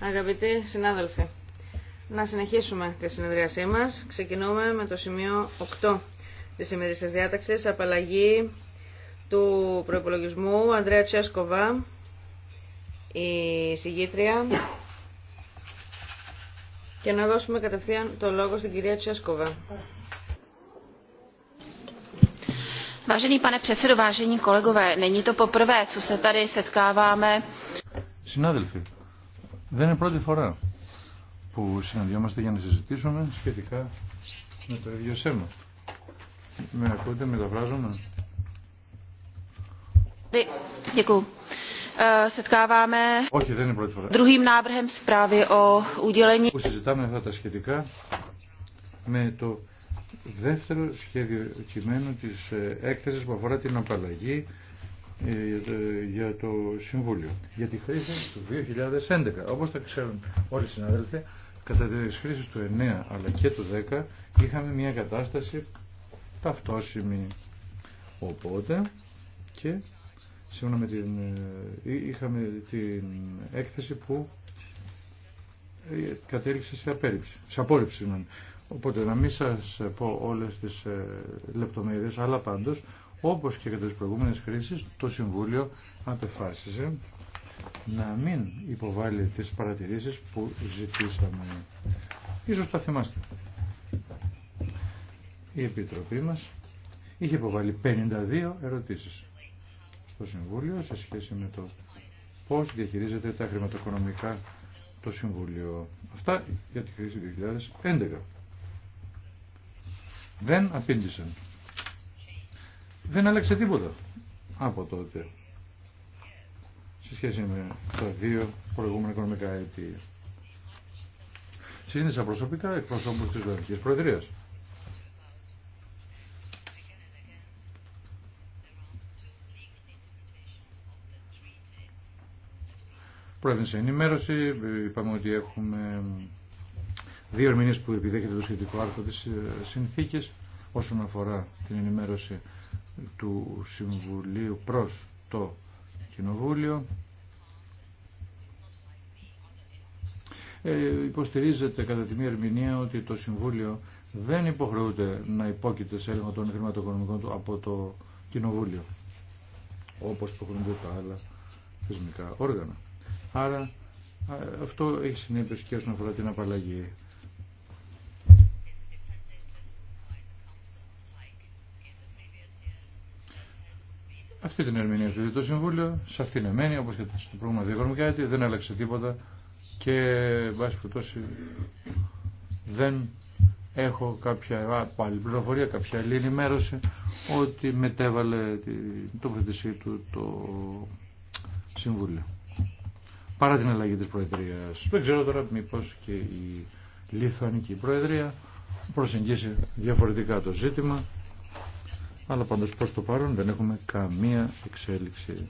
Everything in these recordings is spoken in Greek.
Αγαπητοί συνάδελφοι, να συνεχίσουμε τη συνεδρίασή μας. Ξεκινούμε με το σημείο 8 της ημερήσιας διάταξης, απαλλαγή του προϋπολογισμού. Ανδρέα Τσέσκοβα, η συγγήτρια. Και να δώσουμε κατευθείαν το λόγο στην κυρία Τσέσκοβα. Vážený pane není to co se tady Συνάδελφοι, δεν είναι πρώτη φορά που συναντιόμαστε για να συζητήσουμε σχετικά με το ίδιο σέμα. Με ακούτε, μεταφράζομαι. Děkuji. Ε, setkáváme Όχι, δεν είναι πρώτη φορά. o udělení. Που συζητάμε αυτά τα σχετικά με το δεύτερο σχέδιο κειμένου της ε, έκθεσης που αφορά την απαλλαγή ε, για το Συμβούλιο για τη χρήση του 2011. Όπως τα ξέρουν όλοι οι συναδέλφοι, κατά τις χρήσεις του 9 αλλά και του 10 είχαμε μια κατάσταση ταυτόσιμη. Οπότε και σύμφωνα με την, ε, είχαμε την έκθεση που κατέληξε σε απέρριψη, σε απόρριψη. Οπότε να μην σας πω όλες τις ε, λεπτομέρειες, αλλά πάντως όπως και για τις προηγούμενες χρήσεις το Συμβούλιο απεφάσισε να μην υποβάλει τις παρατηρήσεις που ζητήσαμε. Ίσως τα θυμάστε. Η Επιτροπή μας είχε υποβάλει 52 ερωτήσεις στο Συμβούλιο σε σχέση με το πώς διαχειρίζεται τα χρηματοοικονομικά το Συμβούλιο. Αυτά για τη χρήση 2011 δεν απήντησαν. Δεν άλλαξε τίποτα από τότε σε σχέση με τα δύο προηγούμενα οικονομικά αιτία. Συνήθισα προσωπικά εκπροσώπους της Βελγικής Προεδρίας. σε ενημέρωση, είπαμε ότι έχουμε δύο ερμηνείς που επιδέχεται το σχετικό άρθρο της ε, συνθήκης όσον αφορά την ενημέρωση του Συμβουλίου προς το Κοινοβούλιο. Ε, υποστηρίζεται κατά τη μία ερμηνεία ότι το Συμβούλιο δεν υποχρεούται να υπόκειται σε έλεγχο των χρηματοοικονομικών του από το Κοινοβούλιο, όπως υποχρεούνται τα άλλα θεσμικά όργανα. Άρα ε, αυτό έχει συνέπειες και όσον αφορά την απαλλαγή. Αυτή την ερμηνεία του το Συμβούλιο, σε αυτήν εμένη, όπως και στο προηγούμενο δεν άλλαξε τίποτα και, εν πάση δεν έχω κάποια πάλι πληροφορία, κάποια άλλη ενημέρωση ότι μετέβαλε την τοποθετησή του το Συμβούλιο. Παρά την αλλαγή της Προεδρίας. Δεν ξέρω τώρα μήπως και η Λιθουανική Προεδρία προσεγγίσει διαφορετικά το ζήτημα αλλά πάντως προς το παρόν δεν έχουμε καμία εξέλιξη.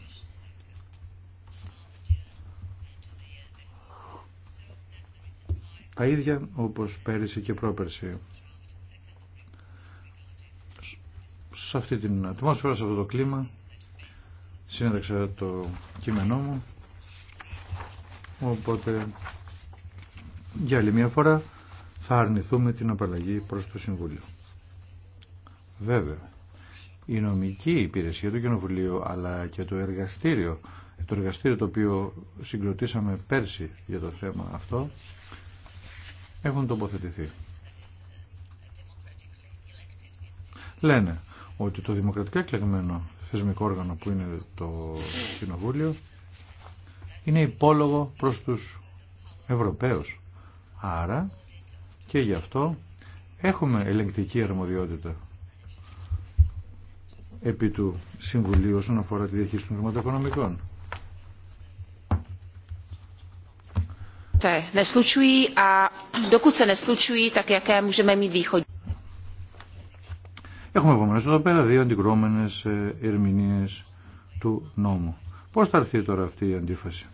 Τα ίδια όπως πέρυσι και πρόπερσι. Σε αυτή την ατμόσφαιρα, σε αυτό το κλίμα, σύνταξα το κείμενό μου, οπότε για άλλη μια φορά θα αρνηθούμε την απαλλαγή προς το Συμβούλιο. Βέβαια, η νομική υπηρεσία του Κοινοβουλίου αλλά και το εργαστήριο το εργαστήριο το οποίο συγκροτήσαμε πέρσι για το θέμα αυτό έχουν τοποθετηθεί. Λένε ότι το δημοκρατικά εκλεγμένο θεσμικό όργανο που είναι το Κοινοβούλιο είναι υπόλογο προς τους Ευρωπαίους. Άρα και γι' αυτό έχουμε ελεγκτική αρμοδιότητα επί του Συμβουλίου όσον αφορά τη διαχείριση των χρηματοοικονομικών. Έχουμε επομένω εδώ πέρα δύο αντικρώμενε ερμηνείε του νόμου. Πώς θα έρθει τώρα αυτή η αντίφαση.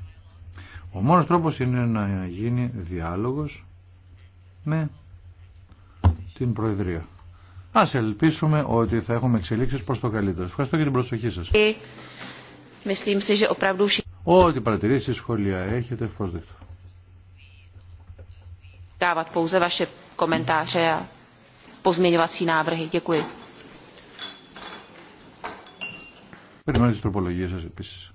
Ο μόνος τρόπος είναι να γίνει διάλογος με την Προεδρία. Ας ελπίσουμε ότι θα έχουμε εξελίξεις προς το καλύτερο. Ευχαριστώ για την προσοχή σας. Ό,τι παρατηρήσεις, σχόλια έχετε, ευπρόσδεκτο. Περιμένω τις τροπολογίες σας επίσης.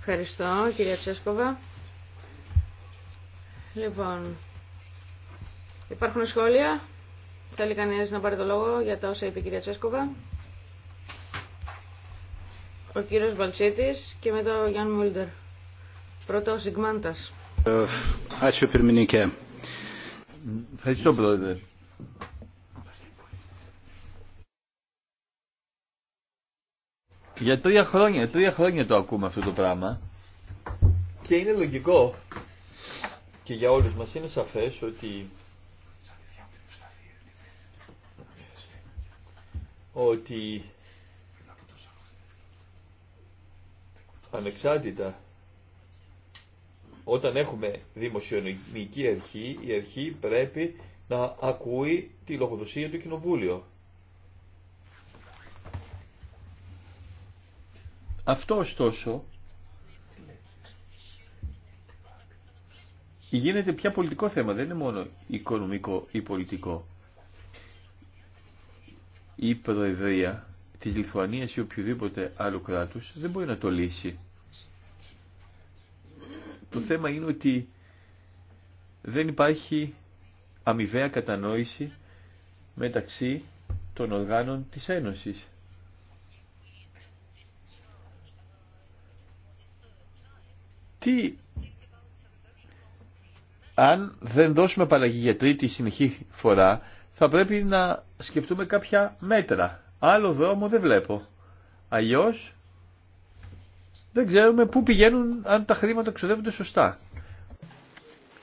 Ευχαριστώ, κυρία Τσέσκοβα. Λοιπόν, Υπάρχουν σχόλια. Θέλει κανείς να πάρει το λόγο για τα όσα είπε η κυρία Τσέσκοβα. Ο κύριος Βαλτσίτης και μετά ο Γιάννη Μούλτερ. Πρώτα ο Σιγμάντας. Ε, Ευχαριστώ πρόεδρε. Για τρία χρόνια, τρία χρόνια το ακούμε αυτό το πράγμα και είναι λογικό και για όλους μας είναι σαφές ότι ότι ανεξάρτητα όταν έχουμε δημοσιονομική αρχή, η αρχή πρέπει να ακούει τη λογοδοσία του Κοινοβούλιο. Αυτό ωστόσο γίνεται πια πολιτικό θέμα, δεν είναι μόνο οικονομικό ή πολιτικό η Προεδρία της Λιθουανίας ή οποιοδήποτε άλλο κράτος δεν μπορεί να το λύσει. Το θέμα είναι ότι δεν υπάρχει αμοιβαία κατανόηση μεταξύ των οργάνων της Ένωσης. Τι αν δεν δώσουμε απαλλαγή για τρίτη συνεχή φορά θα πρέπει να σκεφτούμε κάποια μέτρα. Άλλο δρόμο δεν βλέπω. Αλλιώς δεν ξέρουμε πού πηγαίνουν αν τα χρήματα ξοδεύονται σωστά.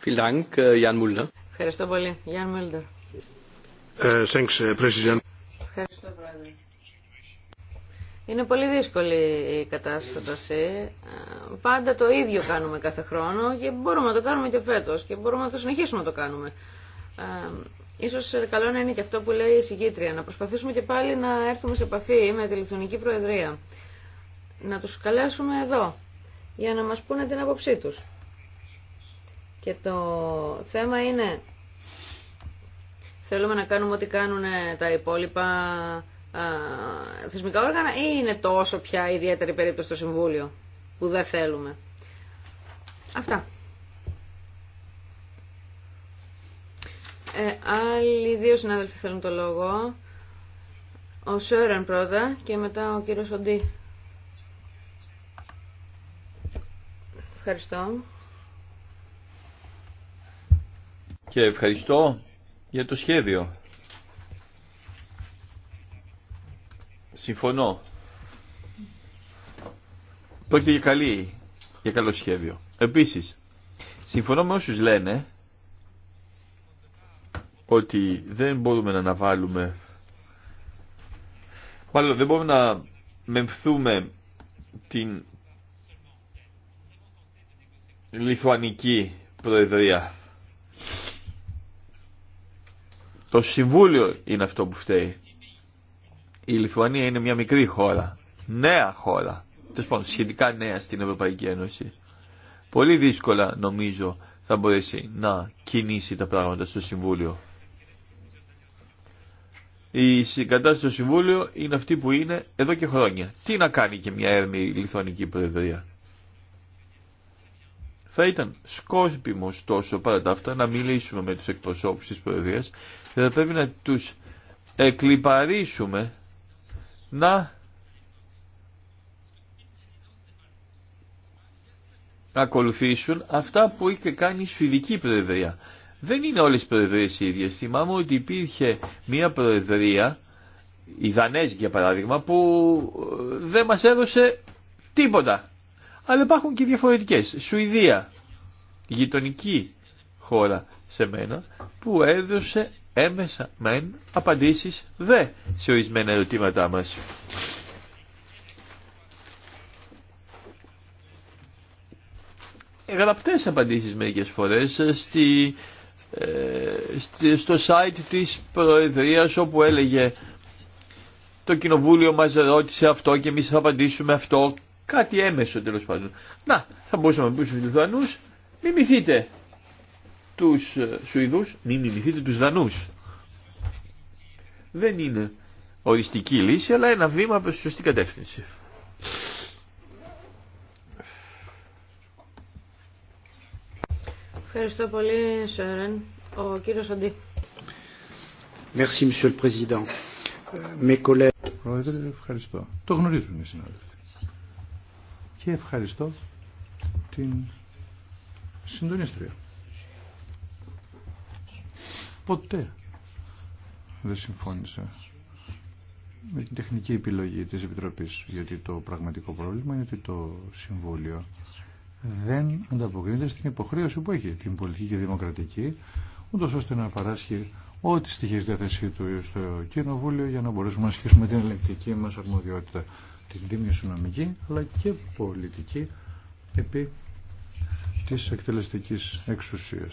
Äh, Ευχαριστώ πολύ. Γιάν ε, ε, Ευχαριστώ, Πρόεδρε. Είναι πολύ δύσκολη η κατάσταση. Ε, πάντα το ίδιο κάνουμε κάθε χρόνο και μπορούμε να το κάνουμε και φέτος και μπορούμε να το συνεχίσουμε να το κάνουμε. Ίσως καλό να είναι και αυτό που λέει η συγκήτρια, να προσπαθήσουμε και πάλι να έρθουμε σε επαφή με τη Λιθουανική Προεδρία. Να τους καλέσουμε εδώ, για να μας πούνε την άποψή τους. Και το θέμα είναι, θέλουμε να κάνουμε ό,τι κάνουν τα υπόλοιπα θεσμικά όργανα ή είναι τόσο πια ιδιαίτερη περίπτωση στο Συμβούλιο που δεν θέλουμε. Αυτά. Ε, άλλοι δύο συνάδελφοι θέλουν το λόγο. Ο Σόρεν πρώτα και μετά ο κύριος Οντή. Ευχαριστώ. Και ευχαριστώ για το σχέδιο. Συμφωνώ. Πρόκειται για καλή, για καλό σχέδιο. Επίσης, συμφωνώ με όσους λένε ότι δεν μπορούμε να αναβάλουμε μάλλον δεν μπορούμε να μεμφθούμε την Λιθουανική Προεδρία. Το Συμβούλιο είναι αυτό που φταίει. Η Λιθουανία είναι μια μικρή χώρα, νέα χώρα, σχετικά νέα στην Ευρωπαϊκή Ένωση. Πολύ δύσκολα νομίζω θα μπορέσει να κινήσει τα πράγματα στο Συμβούλιο. Η συγκατάσταση στο Συμβούλιο είναι αυτή που είναι εδώ και χρόνια. Τι να κάνει και μια έρμη λιθωνική προεδρία. Θα ήταν σκόσπιμο τόσο παρά τα αυτά να μιλήσουμε με τους εκπροσώπους της Προεδρίας και θα πρέπει να τους εκλυπαρίσουμε να ακολουθήσουν αυτά που είχε κάνει η Σουηδική Προεδρία. Δεν είναι όλες οι προεδρίες οι ίδιες. Θυμάμαι ότι υπήρχε μία προεδρία, η Δανέζη για παράδειγμα, που ε, δεν μας έδωσε τίποτα. Αλλά υπάρχουν και διαφορετικές. Σουηδία, γειτονική χώρα σε μένα, που έδωσε έμεσα μεν απαντήσεις δε σε ορισμένα ερωτήματά μας. γραπτές απαντήσεις μερικές φορές στη, ε, στο site της Προεδρίας όπου έλεγε το κοινοβούλιο μας ρώτησε αυτό και εμείς θα απαντήσουμε αυτό κάτι έμεσο τέλος πάντων να θα μπορούσαμε να πούμε στους Λιθουανούς μιμηθείτε τους ε, Σουηδούς μη μιμηθείτε τους Δανούς δεν είναι οριστική λύση αλλά ένα βήμα προς τη σωστή κατεύθυνση Ευχαριστώ πολύ, Σόρεν. Ο κύριος Αντί. Merci, Monsieur le Président. Πρόεδρε, ευχαριστώ. Το γνωρίζουν οι συνάδελφοι. Και ευχαριστώ την συντονίστρια. Ποτέ δεν συμφώνησα με την τεχνική επιλογή της Επιτροπής, γιατί το πραγματικό πρόβλημα είναι ότι το Συμβούλιο δεν ανταποκρίνεται στην υποχρέωση που έχει την πολιτική και δημοκρατική, ούτω ώστε να παράσχει ό,τι στοιχεί στη διάθεσή του στο Κοινοβούλιο για να μπορέσουμε να ασχίσουμε την ελεκτική μα αρμοδιότητα, την δημιουργική αλλά και πολιτική επί τη εκτελεστική εξουσία.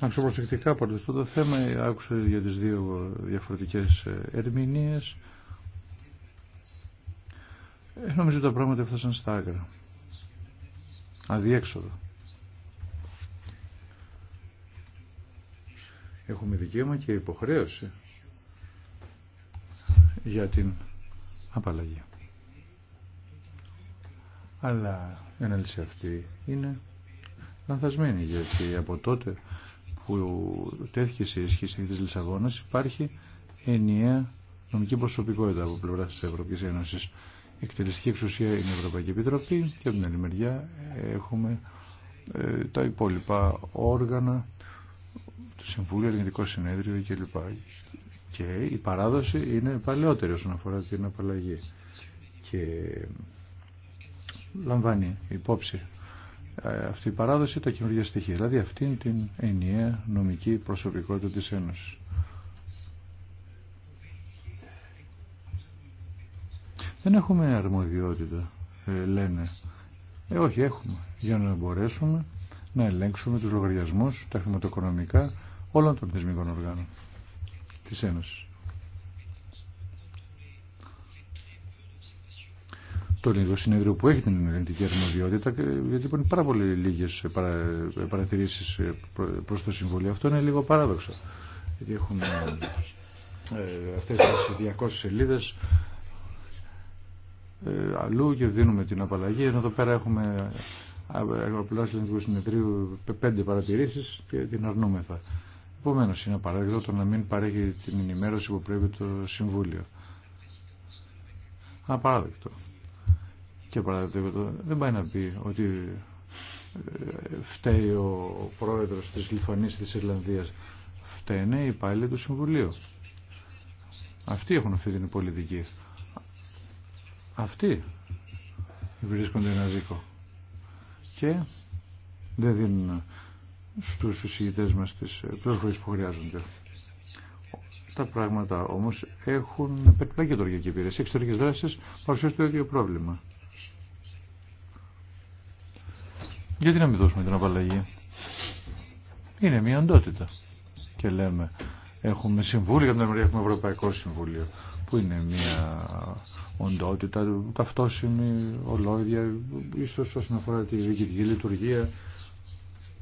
Άκουσα προσεκτικά πάντως το θέμα, άκουσα για τις δύο διαφορετικές ερμηνείες. Ε, νομίζω τα πράγματα έφτασαν στα άκρα. Αδιέξοδο. Έχουμε δικαίωμα και υποχρέωση για την απαλλαγή. Αλλά η ανάλυση αυτή είναι λανθασμένη γιατί από τότε που τέθηκε σε ισχύ η της Λισαγόνας υπάρχει ενιαία νομική προσωπικότητα από πλευρά της Ευρωπαϊκής Ένωσης εκτελεστική εξουσία είναι η Ευρωπαϊκή Επιτροπή και από την άλλη μεριά έχουμε ε, τα υπόλοιπα όργανα, το Συμβούλιο, Ελληνικό Συνέδριο κλπ. Και η παράδοση είναι παλαιότερη όσον αφορά την απαλλαγή και λαμβάνει υπόψη ε, αυτή η παράδοση τα καινούργια στοιχεία, δηλαδή αυτήν την ενιαία νομική προσωπικότητα της Ένωσης. Δεν έχουμε αρμοδιότητα, ε, λένε. Ε, όχι, έχουμε. Για να μπορέσουμε να ελέγξουμε τους λογαριασμούς, τα χρηματοοικονομικά όλων των θεσμικών οργάνων της Ένωσης. Το λίγο συνέδριο που έχει την ελληνική αρμοδιότητα, ε, γιατί υπάρχουν πάρα πολύ λίγε ε, παρατηρήσει προ το Συμβούλιο. Αυτό είναι λίγο παράδοξο. Γιατί έχουμε αυτέ τι 200 σελίδε. Ε, αλλού και δίνουμε την απαλλαγή. Ενώ εδώ πέρα έχουμε ελληνικού συνεδρίου πέντε παρατηρήσεις και την αρνούμεθα. Επομένω είναι απαράδεκτο το να μην παρέχει την ενημέρωση που πρέπει το Συμβούλιο. Απαράδεκτο. Και απαράδεκτο δεν πάει να πει ότι ε, φταίει ο πρόεδρος της Λιθουανίας της Ιρλανδίας. Φταίνε οι υπάλληλοι του Συμβουλίου. Αυτοί έχουν αυτή την πολιτική. Αυτοί βρίσκονται ένα δίκο και δεν δίνουν στους εισηγητές μας τις πληροφορίες που χρειάζονται. Τα πράγματα όμως έχουν περιπλάκει τώρα και υπηρεσία. Εξωτερικές δράσεις παρουσιάζουν το ίδιο πρόβλημα. Γιατί να μην δώσουμε την απαλλαγή. Είναι μια αντότητα. Και λέμε Έχουμε συμβούλιο, από έχουμε Ευρωπαϊκό Συμβούλιο, που είναι μια οντότητα ταυτόσιμη, ολόιδια, ίσως όσον αφορά τη διοικητική λειτουργία.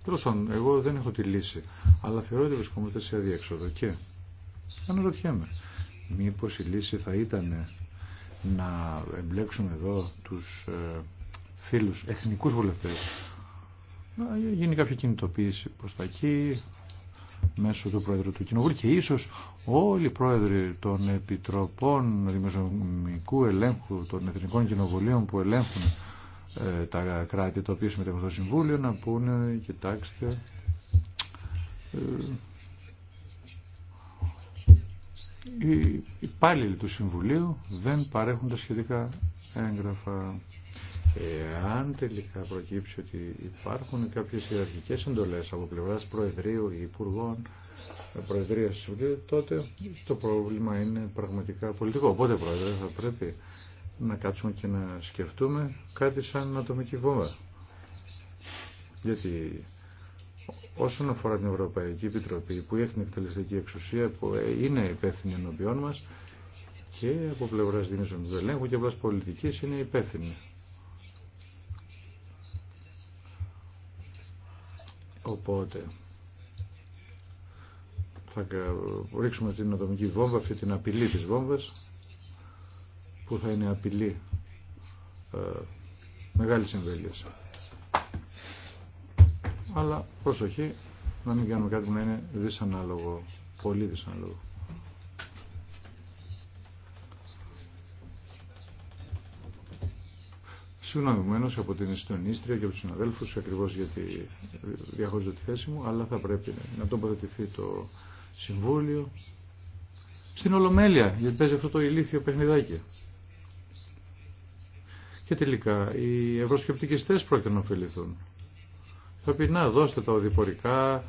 Τέλο εγώ δεν έχω τη λύση, αλλά θεωρώ ότι βρισκόμαστε σε αδιέξοδο και αναρωτιέμαι, μήπως η λύση θα ήταν να εμπλέξουμε εδώ τους ε, φίλους εθνικούς βουλευτές να γίνει κάποια κινητοποίηση προς τα εκεί, μέσω του Πρόεδρου του Κοινοβούλου και ίσως όλοι οι πρόεδροι των Επιτροπών Δημοσιονομικού Ελέγχου των Εθνικών Κοινοβουλίων που ελέγχουν ε, τα κράτη τα οποία συμμετέχουν στο Συμβούλιο να πούνε κοιτάξτε ε, οι υπάλληλοι του Συμβουλίου δεν παρέχουν τα σχετικά έγγραφα εάν τελικά προκύψει ότι υπάρχουν κάποιες ιεραρχικές εντολές από πλευράς Προεδρείου ή Υπουργών Προεδρίας, τότε το πρόβλημα είναι πραγματικά πολιτικό. Οπότε, Πρόεδρε, θα πρέπει να κάτσουμε και να σκεφτούμε κάτι σαν ατομική βόμβα. Γιατί όσον αφορά την Ευρωπαϊκή Επιτροπή που έχει την εκτελεστική εξουσία που είναι υπεύθυνη ενώπιόν μας και από πλευράς δίνησης του ελέγχου και από πλευράς πολιτικής είναι υπεύθυνη. Οπότε θα ρίξουμε την ατομική βόμβα, αυτή την απειλή της βόμβας που θα είναι απειλή ε, μεγάλης εμβέλειας. Αλλά προσοχή να μην κάνουμε κάτι που να είναι δυσανάλογο, πολύ δυσανάλογο. συνομιλημένος από την Ιστονίστρια και από τους συναδέλφους ακριβώς γιατί διαχωρίζω τη θέση μου, αλλά θα πρέπει να τοποθετηθεί το Συμβούλιο στην Ολομέλεια, γιατί παίζει αυτό το ηλίθιο παιχνιδάκι. Και τελικά οι ευρωσκεπτικιστές πρόκειται να ωφεληθούν. Θα πει να δώστε τα οδηπορικά,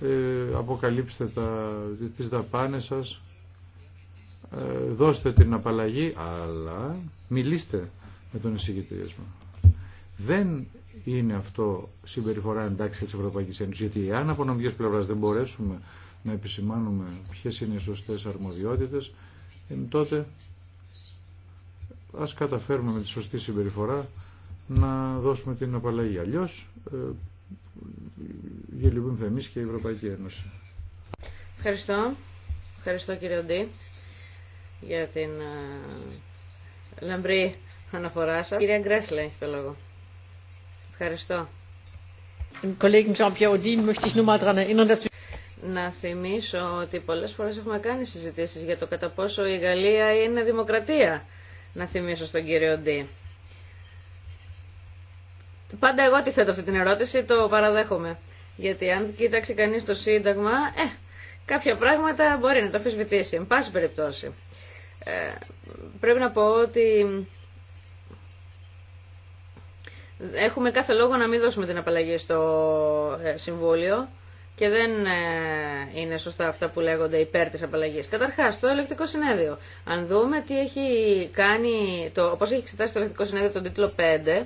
ε, αποκαλύψτε τα, τις δαπάνες σας, ε, δώστε την απαλλαγή, αλλά μιλήστε με τον μα. Δεν είναι αυτό συμπεριφορά εντάξει τη Ευρωπαϊκή Ένωση, γιατί αν από νομικέ πλευρά δεν μπορέσουμε να επισημάνουμε ποιε είναι οι σωστέ αρμοδιότητε, ε, τότε ας καταφέρουμε με τη σωστή συμπεριφορά να δώσουμε την απαλλαγή. Αλλιώ ε, γελιοποιούμε εμεί και η Ευρωπαϊκή Ένωση. Ευχαριστώ. Ευχαριστώ κύριε Οντή για την ε, λαμπρή αναφορά σα. Κυρία Γκρέσλε, έχει το λόγο. Ευχαριστώ. Να θυμίσω ότι πολλές φορές έχουμε κάνει συζητήσεις για το κατά πόσο η Γαλλία είναι δημοκρατία. Να θυμίσω στον κύριο Ντί. Πάντα εγώ τη θέτω αυτή την ερώτηση, το παραδέχομαι. Γιατί αν κοίταξει κανείς το Σύνταγμα, ε, κάποια πράγματα μπορεί να το αφισβητήσει. Εν πάση περιπτώσει. Ε, πρέπει να πω ότι Έχουμε κάθε λόγο να μην δώσουμε την απαλλαγή στο ε, Συμβούλιο και δεν ε, είναι σωστά αυτά που λέγονται υπέρ της απαλλαγής. Καταρχάς, το ελεκτικό συνέδριο. Αν δούμε τι έχει κάνει, το, έχει εξετάσει το ελεκτικό συνέδριο τον τίτλο 5,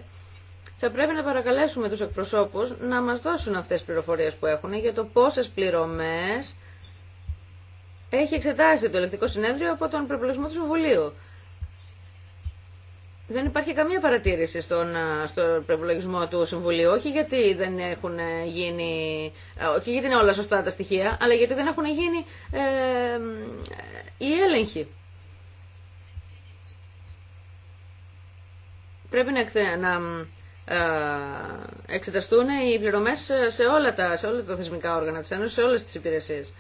θα πρέπει να παρακαλέσουμε τους εκπροσώπους να μας δώσουν αυτές τις πληροφορίες που έχουν για το πόσες πληρωμές έχει εξετάσει το ελεκτικό συνέδριο από τον προπολογισμό του Συμβουλίου. Δεν υπάρχει καμία παρατήρηση στον, ε, στον προπολογισμό του Συμβουλίου. Όχι γιατί δεν έχουν γίνει, ε, όχι γιατί είναι όλα σωστά τα στοιχεία, αλλά γιατί δεν έχουν γίνει ε, οι έλεγχοι. Πρέπει να, να εξεταστούν οι πληρωμέ σε όλα τα, σε όλα τα θεσμικά όργανα της Ένωσης, σε όλες τις υπηρεσίες.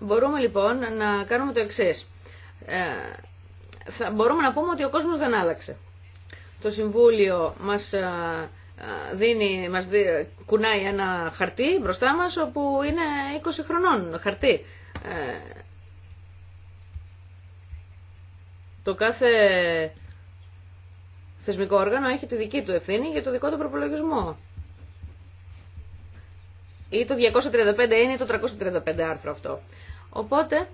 Μπορούμε λοιπόν να κάνουμε το εξής. Ε, θα μπορούμε να πούμε ότι ο κόσμος δεν άλλαξε. Το Συμβούλιο μας ε, ε, δίνει, μας κουνάει ένα χαρτί μπροστά μας όπου είναι 20 χρονών χαρτί. το κάθε θεσμικό όργανο έχει τη δική του ευθύνη για το δικό του προπολογισμό. Ή το 235 είναι ή το 335 άρθρο αυτό. Οπότε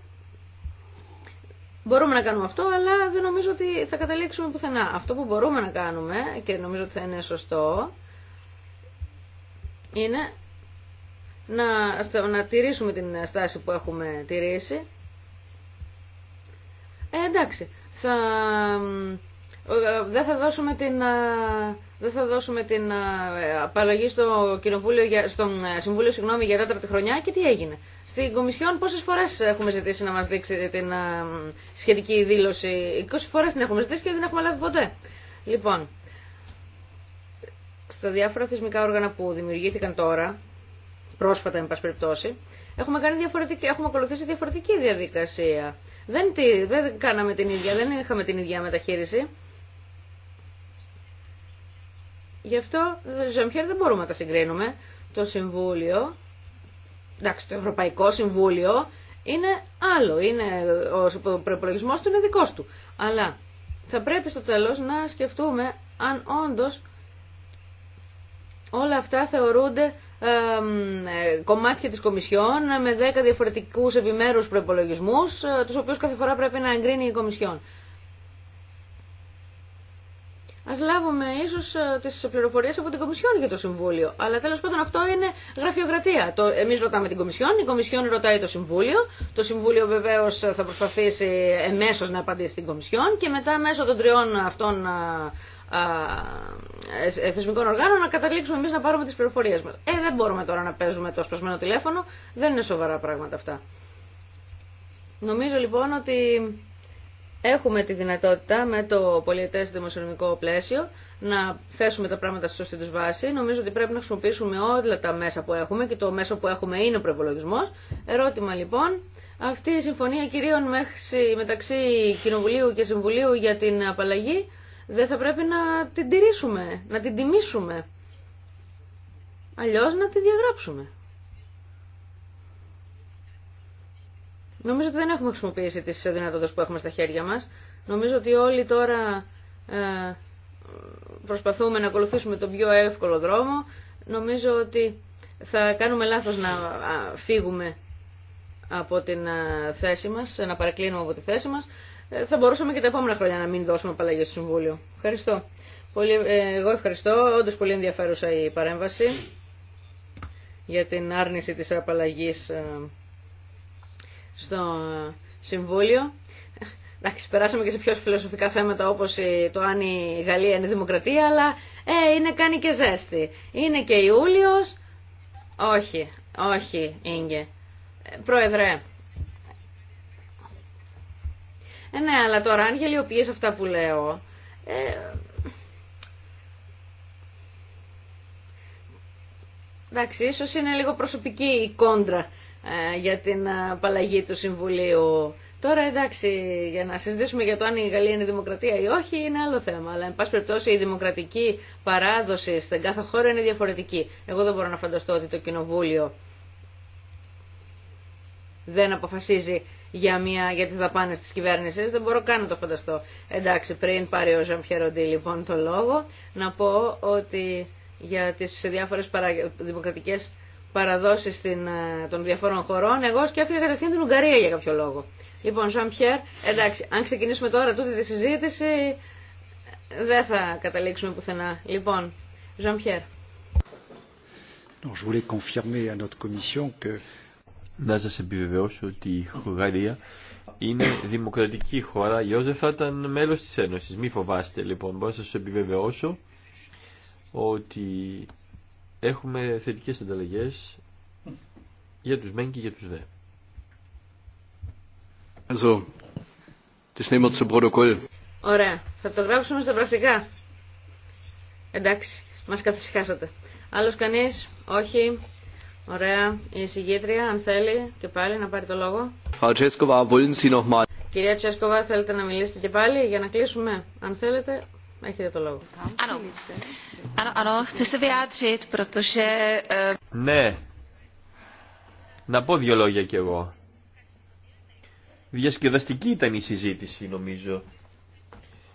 Μπορούμε να κάνουμε αυτό, αλλά δεν νομίζω ότι θα καταλήξουμε πουθενά. Αυτό που μπορούμε να κάνουμε, και νομίζω ότι θα είναι σωστό, είναι να, να τηρήσουμε την στάση που έχουμε τηρήσει. Ε, εντάξει, θα, ε, δεν θα δώσουμε την ε, δεν θα δώσουμε την ε, απαλλαγή στο, κοινοβούλιο, στον ε, Συμβούλιο συγγνώμη, για τέταρτη χρονιά και τι έγινε. Στην Κομισιόν πόσες φορές έχουμε ζητήσει να μας δείξει την ε, σχετική δήλωση. 20 φορές την έχουμε ζητήσει και δεν έχουμε λάβει ποτέ. Λοιπόν, στα διάφορα θεσμικά όργανα που δημιουργήθηκαν τώρα, πρόσφατα με πάση περιπτώσει, έχουμε, κάνει διαφορετική, έχουμε ακολουθήσει διαφορετική διαδικασία. Δεν, τι, δεν κάναμε την ίδια, δεν είχαμε την ίδια μεταχείριση. Γι' αυτό, Ζαμπιέρ, δεν μπορούμε να τα συγκρίνουμε. Το Συμβούλιο, εντάξει, το Ευρωπαϊκό Συμβούλιο είναι άλλο. Είναι, ο προπολογισμό του είναι δικό του. Αλλά θα πρέπει στο τέλο να σκεφτούμε αν όντως όλα αυτά θεωρούνται κομμάτια της Κομισιόν με 10 διαφορετικούς επιμέρους προπολογισμού, ε, τους οποίους κάθε φορά πρέπει να εγκρίνει η Κομισιόν. Α λάβουμε ίσω ε, τι πληροφορίε από την Κομισιόν για το Συμβούλιο. Αλλά τέλο πάντων αυτό είναι γραφειοκρατία. Εμεί ρωτάμε την Κομισιόν, η Κομισιόν ρωτάει το Συμβούλιο. Το Συμβούλιο βεβαίω ε, θα προσπαθήσει εμέσω να απαντήσει την Κομισιόν και μετά μέσω των τριών αυτών ε, θεσμικών οργάνων να καταλήξουμε εμεί να πάρουμε τι πληροφορίε μα. Ε, δεν μπορούμε τώρα να παίζουμε το σπασμένο τηλέφωνο. Δεν είναι σοβαρά πράγματα αυτά. Νομίζω λοιπόν ότι έχουμε τη δυνατότητα με το πολιετές δημοσιονομικό πλαίσιο να θέσουμε τα πράγματα στη σωστή τους βάση. Νομίζω ότι πρέπει να χρησιμοποιήσουμε όλα τα μέσα που έχουμε και το μέσο που έχουμε είναι ο προπολογισμό. Ερώτημα λοιπόν, αυτή η συμφωνία κυρίων μεταξύ Κοινοβουλίου και Συμβουλίου για την απαλλαγή δεν θα πρέπει να την τηρήσουμε, να την τιμήσουμε. Αλλιώς να τη διαγράψουμε. Νομίζω ότι δεν έχουμε χρησιμοποιήσει τις δυνατότητες που έχουμε στα χέρια μας. Νομίζω ότι όλοι τώρα ε, προσπαθούμε να ακολουθήσουμε τον πιο εύκολο δρόμο. Νομίζω ότι θα κάνουμε λάθος να φύγουμε από την θέση μας, να παρεκκλίνουμε από τη θέση μας. Ε, θα μπορούσαμε και τα επόμενα χρόνια να μην δώσουμε απαλλαγή στο Συμβούλιο. Ευχαριστώ. Πολύ, ε, εγώ ευχαριστώ. Όντως πολύ ενδιαφέρουσα η παρέμβαση για την άρνηση της απαλλαγής στο Συμβούλιο. Εντάξει, περάσαμε και σε πιο φιλοσοφικά θέματα όπω το αν η Γαλλία είναι δημοκρατία, αλλά ε, είναι κάνει και ζέστη. Είναι και Ιούλιος. Όχι, όχι, Ίγκε. Ε, πρόεδρε. Ε, ναι, αλλά τώρα αν γελιοποιείς αυτά που λέω... Ε, εντάξει, ίσως είναι λίγο προσωπική η κόντρα ε, για την απαλλαγή του Συμβουλίου. Τώρα εντάξει, για να συζητήσουμε για το αν η Γαλλία είναι δημοκρατία ή όχι είναι άλλο θέμα. Αλλά, εν πάση περιπτώσει, η δημοκρατική παράδοση στην κάθε χώρα είναι διαφορετική. Εγώ δεν μπορώ να φανταστώ ότι το Κοινοβούλιο δεν αποφασίζει για, μια, για τις δαπάνες της κυβέρνησης. Δεν μπορώ καν να το φανταστώ. Εντάξει, πριν πάρει ο Ζαν Πιεροντή λοιπόν το λόγο, να πω ότι για τις διάφορες παρα... δημοκρατικές παραδόσεις ε, των διαφόρων χωρών, εγώ σκέφτηκα κατευθείαν την Ουγγαρία για κάποιο λόγο. Λοιπόν, Ζαν Πιέρ, εντάξει, αν ξεκινήσουμε τώρα τούτη τη συζήτηση, δεν θα καταλήξουμε πουθενά. Λοιπόν, Ζαν Πιέρ. Να σας επιβεβαιώσω ότι η Ουγγαρία είναι δημοκρατική χώρα, αλλιώς δεν θα ήταν μέλος της Ένωσης. Μη φοβάστε λοιπόν, μπορώ να σας επιβεβαιώσω ότι έχουμε θετικές ανταλλαγές για τους μεν και για τους δε. Also, das Ωραία. Θα το γράψουμε στα πρακτικά. Εντάξει. Μας καθησυχάσατε. Άλλος κανείς. Όχι. Ωραία. Η συγγήτρια, αν θέλει, και πάλι να πάρει το λόγο. Κυρία Τσέσκοβα, θέλετε να μιλήσετε και πάλι για να κλείσουμε, αν θέλετε. Ναι. Να πω δύο λόγια κι εγώ. Διασκεδαστική ήταν η συζήτηση νομίζω.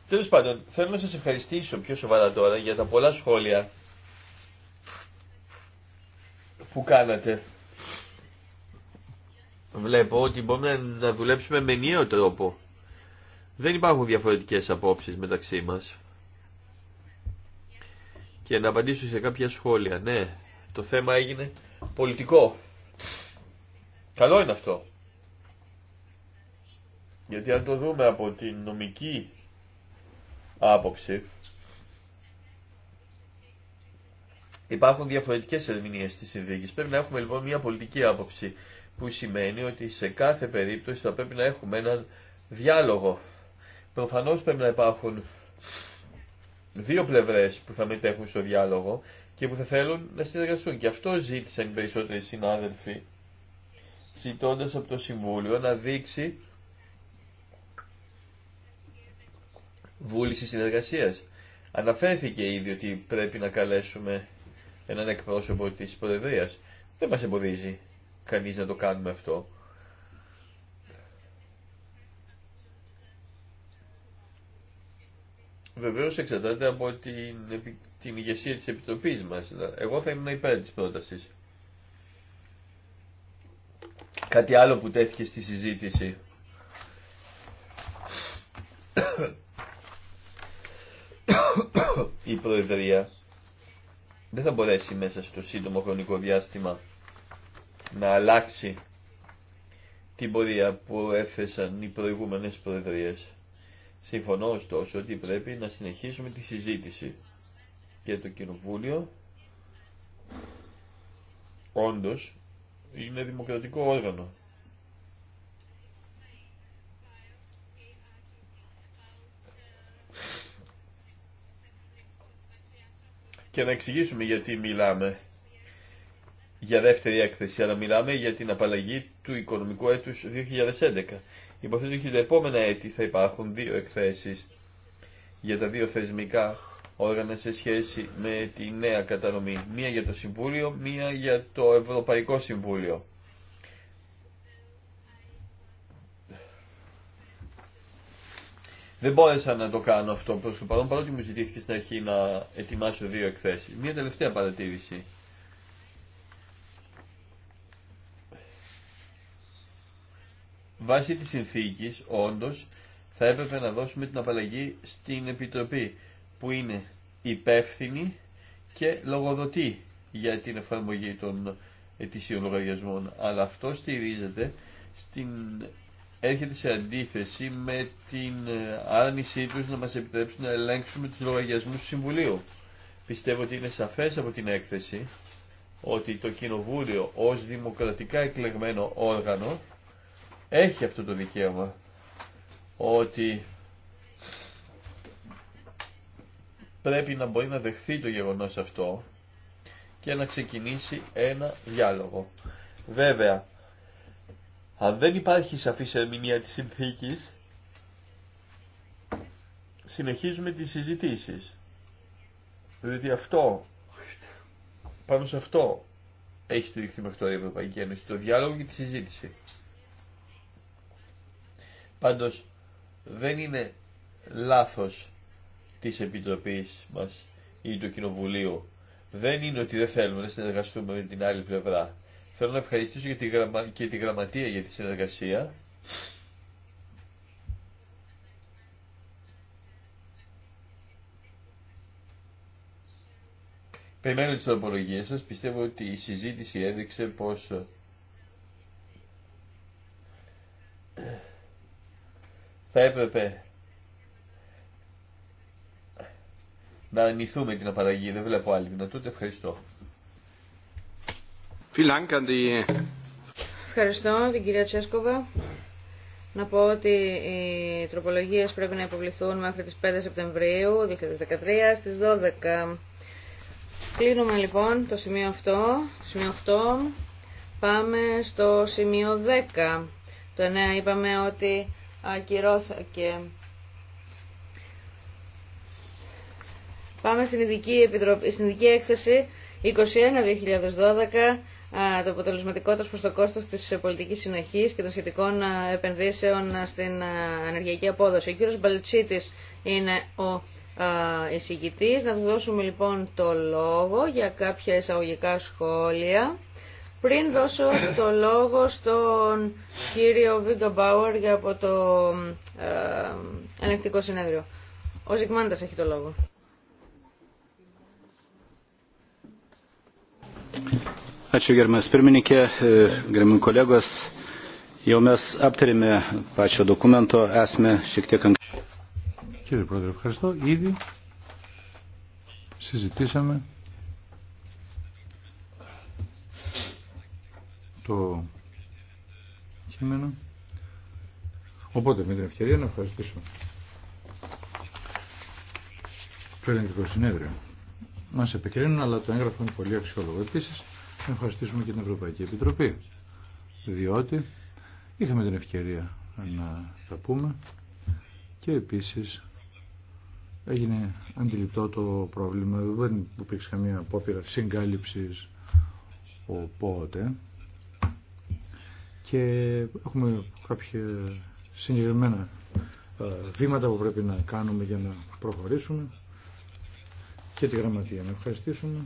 Τέλος πάντων, θέλω να σας ευχαριστήσω πιο σοβαρά τώρα για τα πολλά σχόλια που κάνατε. Βλέπω ότι μπορούμε να δουλέψουμε με νέο τρόπο. Δεν υπάρχουν διαφορετικές απόψεις μεταξύ μας και να απαντήσω σε κάποια σχόλια. Ναι, το θέμα έγινε πολιτικό. Καλό είναι αυτό. Γιατί αν το δούμε από την νομική άποψη, υπάρχουν διαφορετικές ερμηνείες της συνθήκης. Πρέπει να έχουμε λοιπόν μια πολιτική άποψη που σημαίνει ότι σε κάθε περίπτωση θα πρέπει να έχουμε έναν διάλογο. Προφανώς πρέπει να υπάρχουν δύο πλευρές που θα μετέχουν στο διάλογο και που θα θέλουν να συνεργαστούν. Και αυτό ζήτησαν οι περισσότεροι συνάδελφοι, ζητώντα από το Συμβούλιο να δείξει βούληση συνεργασίας. Αναφέρθηκε ήδη ότι πρέπει να καλέσουμε έναν εκπρόσωπο τη προεδρία. Δεν μας εμποδίζει κανεί να το κάνουμε αυτό. Βεβαίω εξαρτάται από την, την ηγεσία τη επιτροπή μα. Εγώ θα ήμουν υπέρ τη πρόταση. Κάτι άλλο που τέθηκε στη συζήτηση. Η Προεδρία δεν θα μπορέσει μέσα στο σύντομο χρονικό διάστημα να αλλάξει την πορεία που έθεσαν οι προηγούμενες Προεδρίες. Συμφωνώ ωστόσο ότι πρέπει να συνεχίσουμε τη συζήτηση και το Κοινοβούλιο όντως είναι δημοκρατικό όργανο. Και να εξηγήσουμε γιατί μιλάμε για δεύτερη έκθεση, αλλά μιλάμε για την απαλλαγή του οικονομικού έτους 2011. Υποθέτω ότι τα επόμενα έτη θα υπάρχουν δύο εκθέσεις για τα δύο θεσμικά όργανα σε σχέση με τη νέα κατανομή. Μία για το Συμβούλιο, μία για το Ευρωπαϊκό Συμβούλιο. Δεν μπόρεσα να το κάνω αυτό προς το παρόν, παρότι μου ζητήθηκε στην αρχή να ετοιμάσω δύο εκθέσεις. Μία τελευταία παρατήρηση. Βάσει της συνθήκης, όντως, θα έπρεπε να δώσουμε την απαλλαγή στην Επιτροπή, που είναι υπεύθυνη και λογοδοτή για την εφαρμογή των ετησίων λογαριασμών. Αλλά αυτό στηρίζεται στην έρχεται σε αντίθεση με την ε, άρνησή τους να μας επιτρέψουν να ελέγξουμε τους λογαριασμούς του Συμβουλίου. Πιστεύω ότι είναι σαφές από την έκθεση ότι το Κοινοβούλιο ως δημοκρατικά εκλεγμένο όργανο έχει αυτό το δικαίωμα ότι πρέπει να μπορεί να δεχθεί το γεγονός αυτό και να ξεκινήσει ένα διάλογο. Βέβαια, αν δεν υπάρχει σαφής ερμηνεία της συνθήκης, συνεχίζουμε τις συζητήσεις. Διότι αυτό, πάνω σε αυτό, έχει στηριχθεί μέχρι τώρα η Ευρωπαϊκή Ένωση, το διάλογο και τη συζήτηση. Πάντως δεν είναι λάθος της Επιτροπής μας ή του Κοινοβουλίου. Δεν είναι ότι δεν θέλουμε να συνεργαστούμε με την άλλη πλευρά. Θέλω να ευχαριστήσω και τη, γραμμα... και τη Γραμματεία για τη συνεργασία. Περιμένω τις τροπολογίες σας. Πιστεύω ότι η συζήτηση έδειξε πως θα έπρεπε να αρνηθούμε την απαραγή. Δεν βλέπω άλλη δυνατότητα. Ευχαριστώ. Ευχαριστώ την κυρία Τσέσκοβα. Να πω ότι οι τροπολογίες πρέπει να υποβληθούν μέχρι τις 5 Σεπτεμβρίου 2013 στις 12. Κλείνουμε λοιπόν το σημείο αυτό. Το σημείο 8. Πάμε στο σημείο 10. Το 9 είπαμε ότι ακυρώθηκε. Πάμε στην ειδική, επιτροπή, στην ειδική έκθεση 21-2012 το αποτελεσματικότητα προς το κόστος της πολιτικής συνοχής και των σχετικών επενδύσεων στην ενεργειακή απόδοση. Ο κύριος Μπαλτσίτης είναι ο εισηγητής. Να του δώσουμε λοιπόν το λόγο για κάποια εισαγωγικά σχόλια. Πριν δώσω το λόγο στον κύριο Βίγκα Μπάουερ για από το ε, ελεγκτικό συνέδριο. Ο Ζιγμάντας έχει το λόγο. Ačiū gerbiamas pirmininkė, e, gerbiami kolegos. Jau mes aptarėme pačio dokumento esmę šiek tiek anksčiau. Κύριε Πρόεδρε, ευχαριστώ. Ήδη συζητήσαμε το κείμενο. Οπότε με την ευκαιρία να ευχαριστήσω το ελληνικό συνέδριο. Μα επικρίνουν, αλλά το έγγραφο είναι πολύ αξιόλογο. Επίση, να ευχαριστήσουμε και την Ευρωπαϊκή Επιτροπή, διότι είχαμε την ευκαιρία να τα πούμε και επίσης έγινε αντιληπτό το πρόβλημα. Δεν υπήρξε καμία απόπειρα συγκάλυψη Οπότε, και έχουμε κάποια συγκεκριμένα ε, βήματα που πρέπει να κάνουμε για να προχωρήσουμε και τη γραμματεία να ευχαριστήσουμε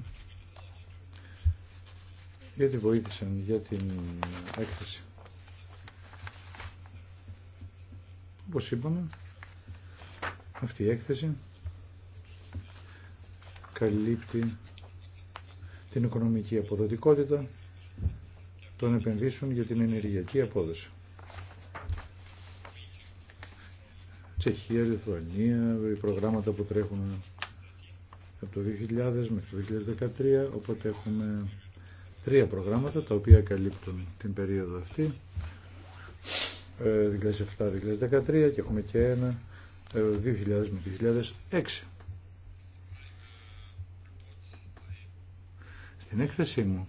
γιατί βοήθησαν για την έκθεση. Όπως είπαμε, αυτή η έκθεση καλύπτει την οικονομική αποδοτικότητα των επενδύσεων για την ενεργειακή απόδοση. Τσεχία, Λιθουανία, οι προγράμματα που τρέχουν από το 2000 μέχρι το 2013, οπότε έχουμε τρία προγράμματα τα οποία καλύπτουν την περίοδο αυτή, 2007-2013 ε, και έχουμε και ένα 2000 με 2006. Στην έκθεσή μου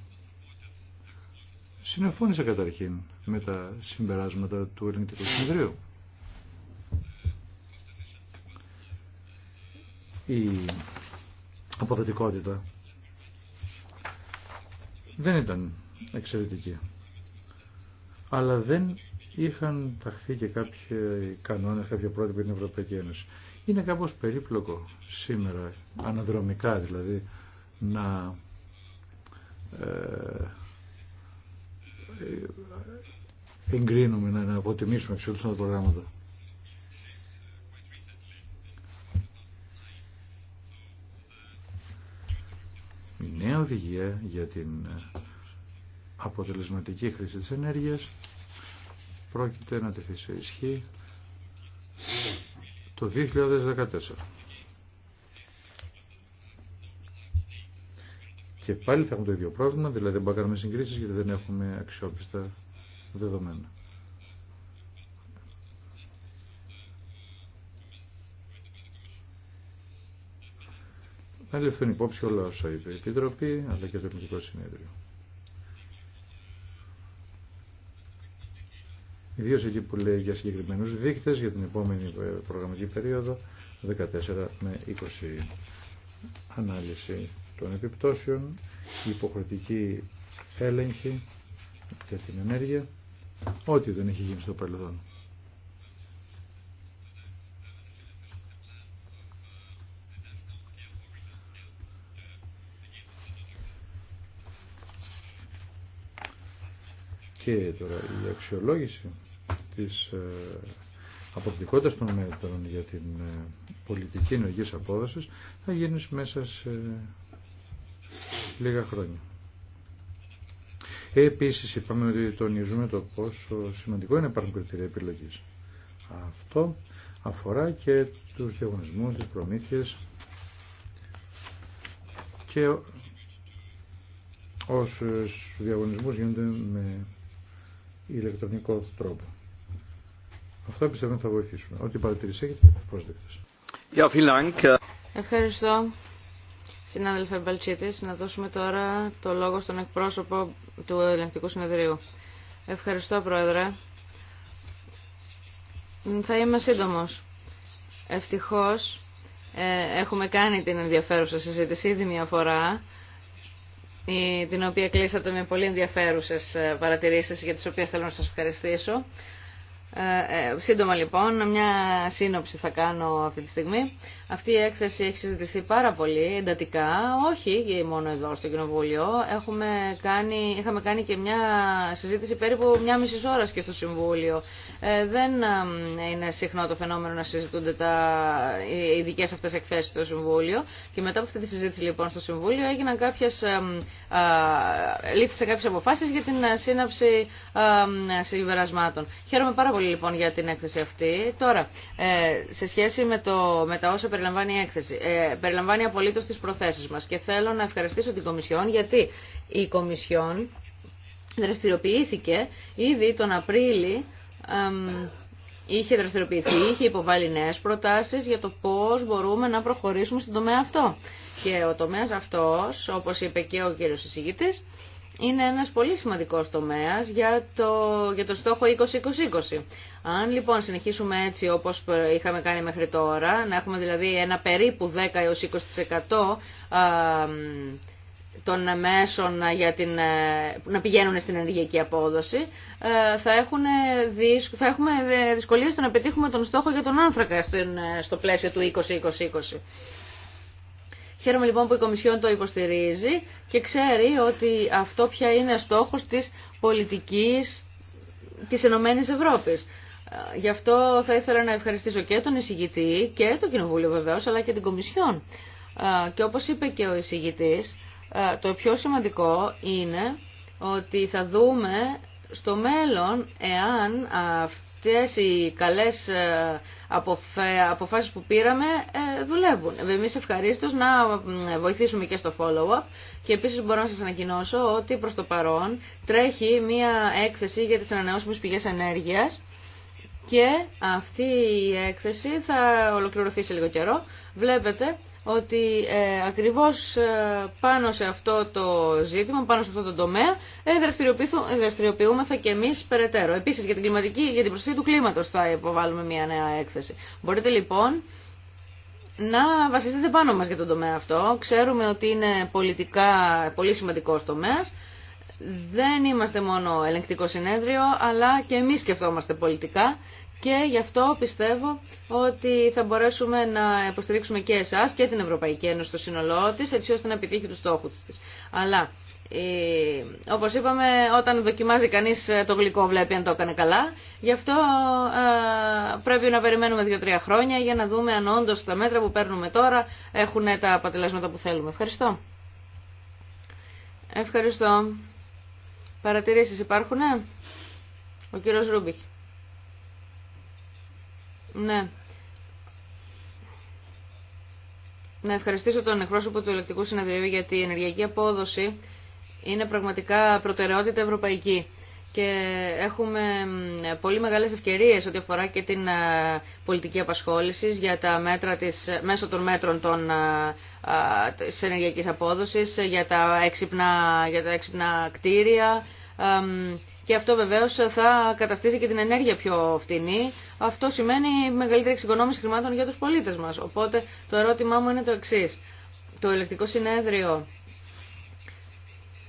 Συνεφώνησα καταρχήν με τα συμπεράσματα του Ελληνικού Συνεδρίου. Η αποδοτικότητα δεν ήταν εξαιρετική. Αλλά δεν είχαν ταχθεί και κάποιοι κανόνες, κάποια πρότυπα την Ευρωπαϊκή Ένωση. Είναι κάπως περίπλοκο σήμερα, αναδρομικά δηλαδή, να ε, ε, εγκρίνουμε, να, αποτιμήσουμε σε τα προγράμματα. Η νέα οδηγία για την ε, αποτελεσματική χρήση της ενέργειας πρόκειται να τεθεί σε ισχύ το 2014. και πάλι θα έχουμε το ίδιο πρόβλημα, δηλαδή δεν μπορούμε να κάνουμε συγκρίσει γιατί δεν έχουμε αξιόπιστα δεδομένα. Να υπόψη όλα όσα είπε η Επιτροπή αλλά και το Ελληνικό Συνέδριο. Ιδίω εκεί που λέει για συγκεκριμένου δείκτε για την επόμενη προγραμματική περίοδο 14 με 20 ανάλυση των επιπτώσεων, η υποχρεωτική έλεγχη για την ενέργεια, ό,τι δεν έχει γίνει στο παρελθόν. Και τώρα η αξιολόγηση της ε, αποκτικότητας των μέτρων για την ε, πολιτική ενεργής απόδοσης θα γίνει μέσα σε λίγα χρόνια. Ε, επίσης είπαμε ότι τονίζουμε το πόσο σημαντικό είναι να υπάρχουν κριτήρια επιλογή Αυτό αφορά και του διαγωνισμού τις προμήθειες και όσου διαγωνισμού γίνονται με ηλεκτρονικό τρόπο. Αυτά πιστεύω θα βοηθήσουν. Ό,τι παρατηρήσει έχετε, πρόσδεκτε. Ευχαριστώ. Συνάδελφε Μπαλτσίτης, να δώσουμε τώρα το λόγο στον εκπρόσωπο του Ελεγκτικού Συνεδρίου. Ευχαριστώ, Πρόεδρε. Θα είμαι σύντομος. Ευτυχώς ε, έχουμε κάνει την ενδιαφέρουσα συζήτηση ήδη μια φορά, την οποία κλείσατε με πολύ ενδιαφέρουσες ε, παρατηρήσεις για τις οποίες θέλω να σας ευχαριστήσω. Ε, ε, σύντομα λοιπόν, μια σύνοψη θα κάνω αυτή τη στιγμή. Αυτή η έκθεση έχει συζητηθεί πάρα πολύ εντατικά, όχι μόνο εδώ στο Κοινοβούλιο. Έχουμε κάνει, είχαμε κάνει και μια συζήτηση περίπου μια μισή ώρα και στο Συμβούλιο. Ε, δεν είναι συχνό το φαινόμενο να συζητούνται τα, οι ειδικέ αυτέ εκθέσει στο Συμβούλιο. Και μετά από αυτή τη συζήτηση λοιπόν στο Συμβούλιο έγιναν κάποιες, λήφθησαν κάποιε αποφάσει για την σύναψη συμπερασμάτων. Χαίρομαι πάρα πολύ πολύ λοιπόν για την έκθεση αυτή. Τώρα, ε, σε σχέση με, το, με τα όσα περιλαμβάνει η έκθεση, ε, περιλαμβάνει απολύτω τις προθέσεις μας και θέλω να ευχαριστήσω την Κομισιόν γιατί η Κομισιόν δραστηριοποιήθηκε ήδη τον Απρίλη είχε δραστηριοποιηθεί, είχε υποβάλει νέες προτάσεις για το πώς μπορούμε να προχωρήσουμε στον τομέα αυτό. Και ο τομέας αυτός, όπως είπε και ο κύριος εισηγητής, είναι ένας πολύ σημαντικός τομέας για το, για το στόχο 2020. Αν λοιπόν συνεχίσουμε έτσι όπως είχαμε κάνει μέχρι τώρα, να έχουμε δηλαδή ένα περίπου 10 έως 20% των μέσων για την, ε, να πηγαίνουν στην ενεργειακή απόδοση, ε, θα, έχουν, θα έχουμε ε, δυσκολίες στο να πετύχουμε τον στόχο για τον άνθρακα στο πλαίσιο του 2020 Χαίρομαι λοιπόν που η Κομισιόν το υποστηρίζει και ξέρει ότι αυτό πια είναι στόχος της πολιτικής της Ενωμένης Ευρώπης. Γι' αυτό θα ήθελα να ευχαριστήσω και τον εισηγητή και το Κοινοβούλιο βεβαίως, αλλά και την Κομισιόν. Και όπως είπε και ο εισηγητής, το πιο σημαντικό είναι ότι θα δούμε στο μέλλον εάν αυτές οι καλές ε, αποφάσεις που πήραμε ε, δουλεύουν. Εμείς ευχαρίστως να βοηθήσουμε και στο follow-up και επίσης μπορώ να σας ανακοινώσω ότι προς το παρόν τρέχει μία έκθεση για τις ανανεώσιμες πηγές ενέργειας και αυτή η έκθεση θα ολοκληρωθεί σε λίγο καιρό. Βλέπετε ότι ε, ακριβώς ε, πάνω σε αυτό το ζήτημα, πάνω σε αυτό το τομέα, ε, ε, δραστηριοποιούμεθα και εμείς περαιτέρω. Επίσης για την, κλιματική, για την προστασία του κλίματος θα υποβάλουμε μια νέα έκθεση. Μπορείτε λοιπόν να βασιστείτε πάνω μας για τον τομέα αυτό. Ξέρουμε ότι είναι πολιτικά πολύ σημαντικός τομέας. Δεν είμαστε μόνο ελεγκτικό συνέδριο, αλλά και εμείς σκεφτόμαστε πολιτικά και γι' αυτό πιστεύω ότι θα μπορέσουμε να υποστηρίξουμε και εσά και την Ευρωπαϊκή Ένωση στο σύνολό τη, έτσι ώστε να επιτύχει του στόχου της. Αλλά ε, όπως είπαμε, όταν δοκιμάζει κανείς ε, το γλυκό βλέπει αν το έκανε καλά. Γι' αυτό ε, πρέπει να περιμένουμε δύο-τρία χρόνια για να δούμε αν όντω τα μέτρα που παίρνουμε τώρα έχουν τα αποτελέσματα που θέλουμε. Ευχαριστώ. Ευχαριστώ. Παρατηρήσεις υπάρχουνε. Ο κύριος Ρούμπιχ. Ναι. Να ευχαριστήσω τον εκπρόσωπο του Ελεκτικού Συνεδρίου γιατί η ενεργειακή απόδοση είναι πραγματικά προτεραιότητα ευρωπαϊκή και έχουμε πολύ μεγάλες ευκαιρίες ό,τι αφορά και την πολιτική απασχόληση για τα μέτρα της, μέσω των μέτρων των, της ενεργειακής απόδοσης, για τα για τα έξυπνα κτίρια και αυτό βεβαίω θα καταστήσει και την ενέργεια πιο φτηνή. Αυτό σημαίνει μεγαλύτερη εξοικονόμηση χρημάτων για του πολίτε μα. Οπότε το ερώτημά μου είναι το εξή. Το ελεκτικό συνέδριο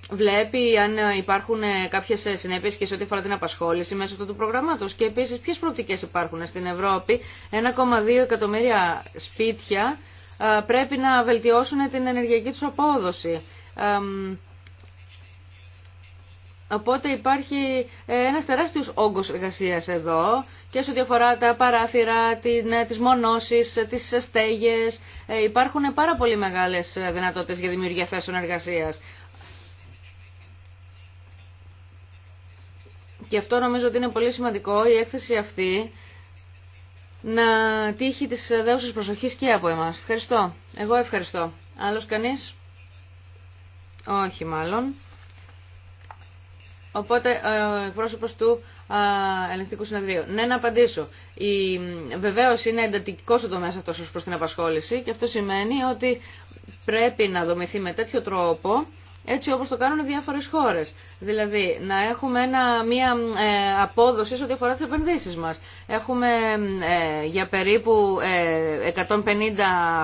βλέπει αν υπάρχουν κάποιε συνέπειε και σε ό,τι αφορά την απασχόληση μέσω του προγράμματο. Και επίση, ποιε προοπτικέ υπάρχουν στην Ευρώπη, 1,2 εκατομμύρια σπίτια πρέπει να βελτιώσουν την ενεργειακή του απόδοση. Οπότε υπάρχει ε, ένας τεράστιος όγκος εργασίας εδώ και σε διαφορά τα παράθυρα, τι ε, τις μονώσεις, ε, τις στέγες. Υπάρχουν πάρα πολύ μεγάλες δυνατότητες για δημιουργία θέσεων εργασίας. Και αυτό νομίζω ότι είναι πολύ σημαντικό η έκθεση αυτή να τύχει της δέουσης προσοχής και από εμάς. Ευχαριστώ. Εγώ ευχαριστώ. Άλλος κανείς? Όχι μάλλον. Οπότε ε, ο εκπρόσωπο του ε, Ελεκτικού Συνεδρίου. Ναι, να απαντήσω. Βεβαίω είναι εντατικό ο τομέα αυτό ω προ την απασχόληση και αυτό σημαίνει ότι πρέπει να δομηθεί με τέτοιο τρόπο έτσι όπως το κάνουν διάφορες χώρες. Δηλαδή, να έχουμε μία ε, απόδοση σε ό,τι αφορά τις επενδύσεις μας. Έχουμε για περίπου 150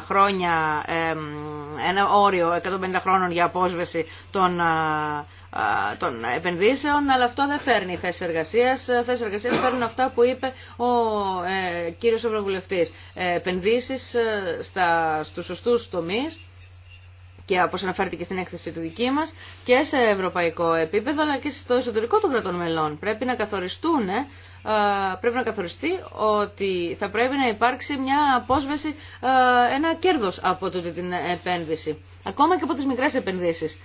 χρόνια, ένα όριο 150 χρόνων για απόσβεση των των επενδύσεων, αλλά αυτό δεν φέρνει θέσει εργασία. Θέσει εργασία φέρνουν αυτά που είπε ο ε, κύριο Ευρωβουλευτή. Ε, Επενδύσει ε, στου σωστού τομεί και όπω αναφέρθηκε και στην έκθεση του δική μα, και σε ευρωπαϊκό επίπεδο, αλλά και στο εσωτερικό των κρατών μελών. Πρέπει να καθοριστούν, ε, πρέπει να καθοριστεί ότι θα πρέπει να υπάρξει μια απόσβεση, ε, ένα κέρδο από τούτη την επένδυση. Ακόμα και από τι μικρέ επενδύσει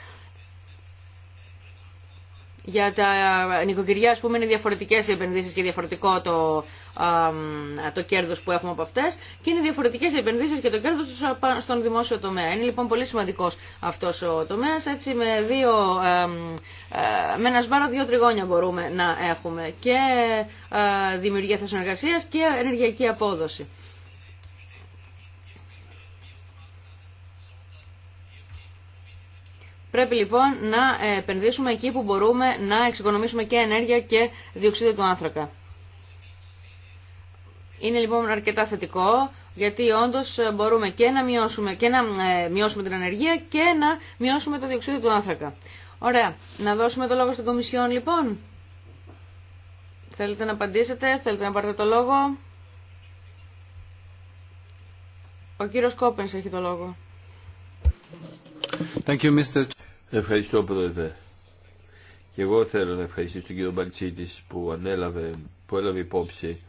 για τα νοικοκυριά, ας πούμε, είναι διαφορετικές οι επενδύσεις και διαφορετικό το, το κέρδος που έχουμε από αυτές και είναι διαφορετικές οι επενδύσεις και το κέρδος στον δημόσιο τομέα. Είναι λοιπόν πολύ σημαντικός αυτός ο τομέας, έτσι με, δύο, ε, με ένα σβάρο δύο τριγώνια μπορούμε να έχουμε και ε, δημιουργία θέσεων και ενεργειακή απόδοση. Πρέπει λοιπόν να επενδύσουμε εκεί που μπορούμε να εξοικονομήσουμε και ενέργεια και διοξείδιο του άνθρακα. Είναι λοιπόν αρκετά θετικό γιατί όντως μπορούμε και να, μειώσουμε, και να ε, μειώσουμε την ενέργεια και να μειώσουμε το διοξείδιο του άνθρακα. Ωραία. Να δώσουμε το λόγο στην Κομισιόν λοιπόν. Θέλετε να απαντήσετε, θέλετε να πάρετε το λόγο. Ο κύριος Κόπενς έχει το λόγο. Thank you, Mr. Ευχαριστώ Πρόεδρε. Και εγώ θέλω να ευχαριστήσω τον κύριο Μπαλτσίτης που ανέλαβε, που έλαβε υπόψη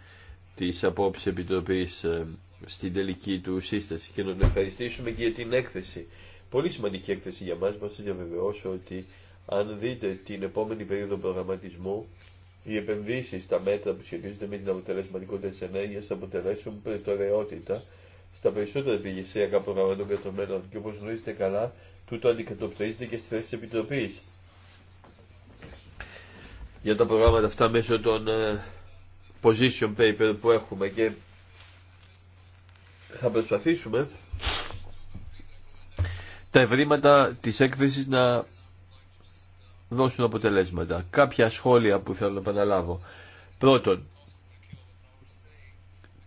της απόψης Επιτροπής ε, στην τελική του σύσταση και να τον ευχαριστήσουμε και για την έκθεση. Πολύ σημαντική έκθεση για μας, μας διαβεβαιώσω ότι αν δείτε την επόμενη περίοδο προγραμματισμού, οι επενδύσει στα μέτρα που σχετίζονται με την αποτελεσματικότητα τη ενέργεια θα αποτελέσουν προτεραιότητα στα περισσότερα επιχειρησιακά προγράμματα των Και όπω γνωρίζετε καλά, τούτο αντικατοπτρίζεται και στη θέση της Επιτροπής για τα προγράμματα αυτά μέσω των ε, position paper που έχουμε και θα προσπαθήσουμε τα ευρήματα της έκθεσης να δώσουν αποτελέσματα. Κάποια σχόλια που θέλω να επαναλάβω. Πρώτον,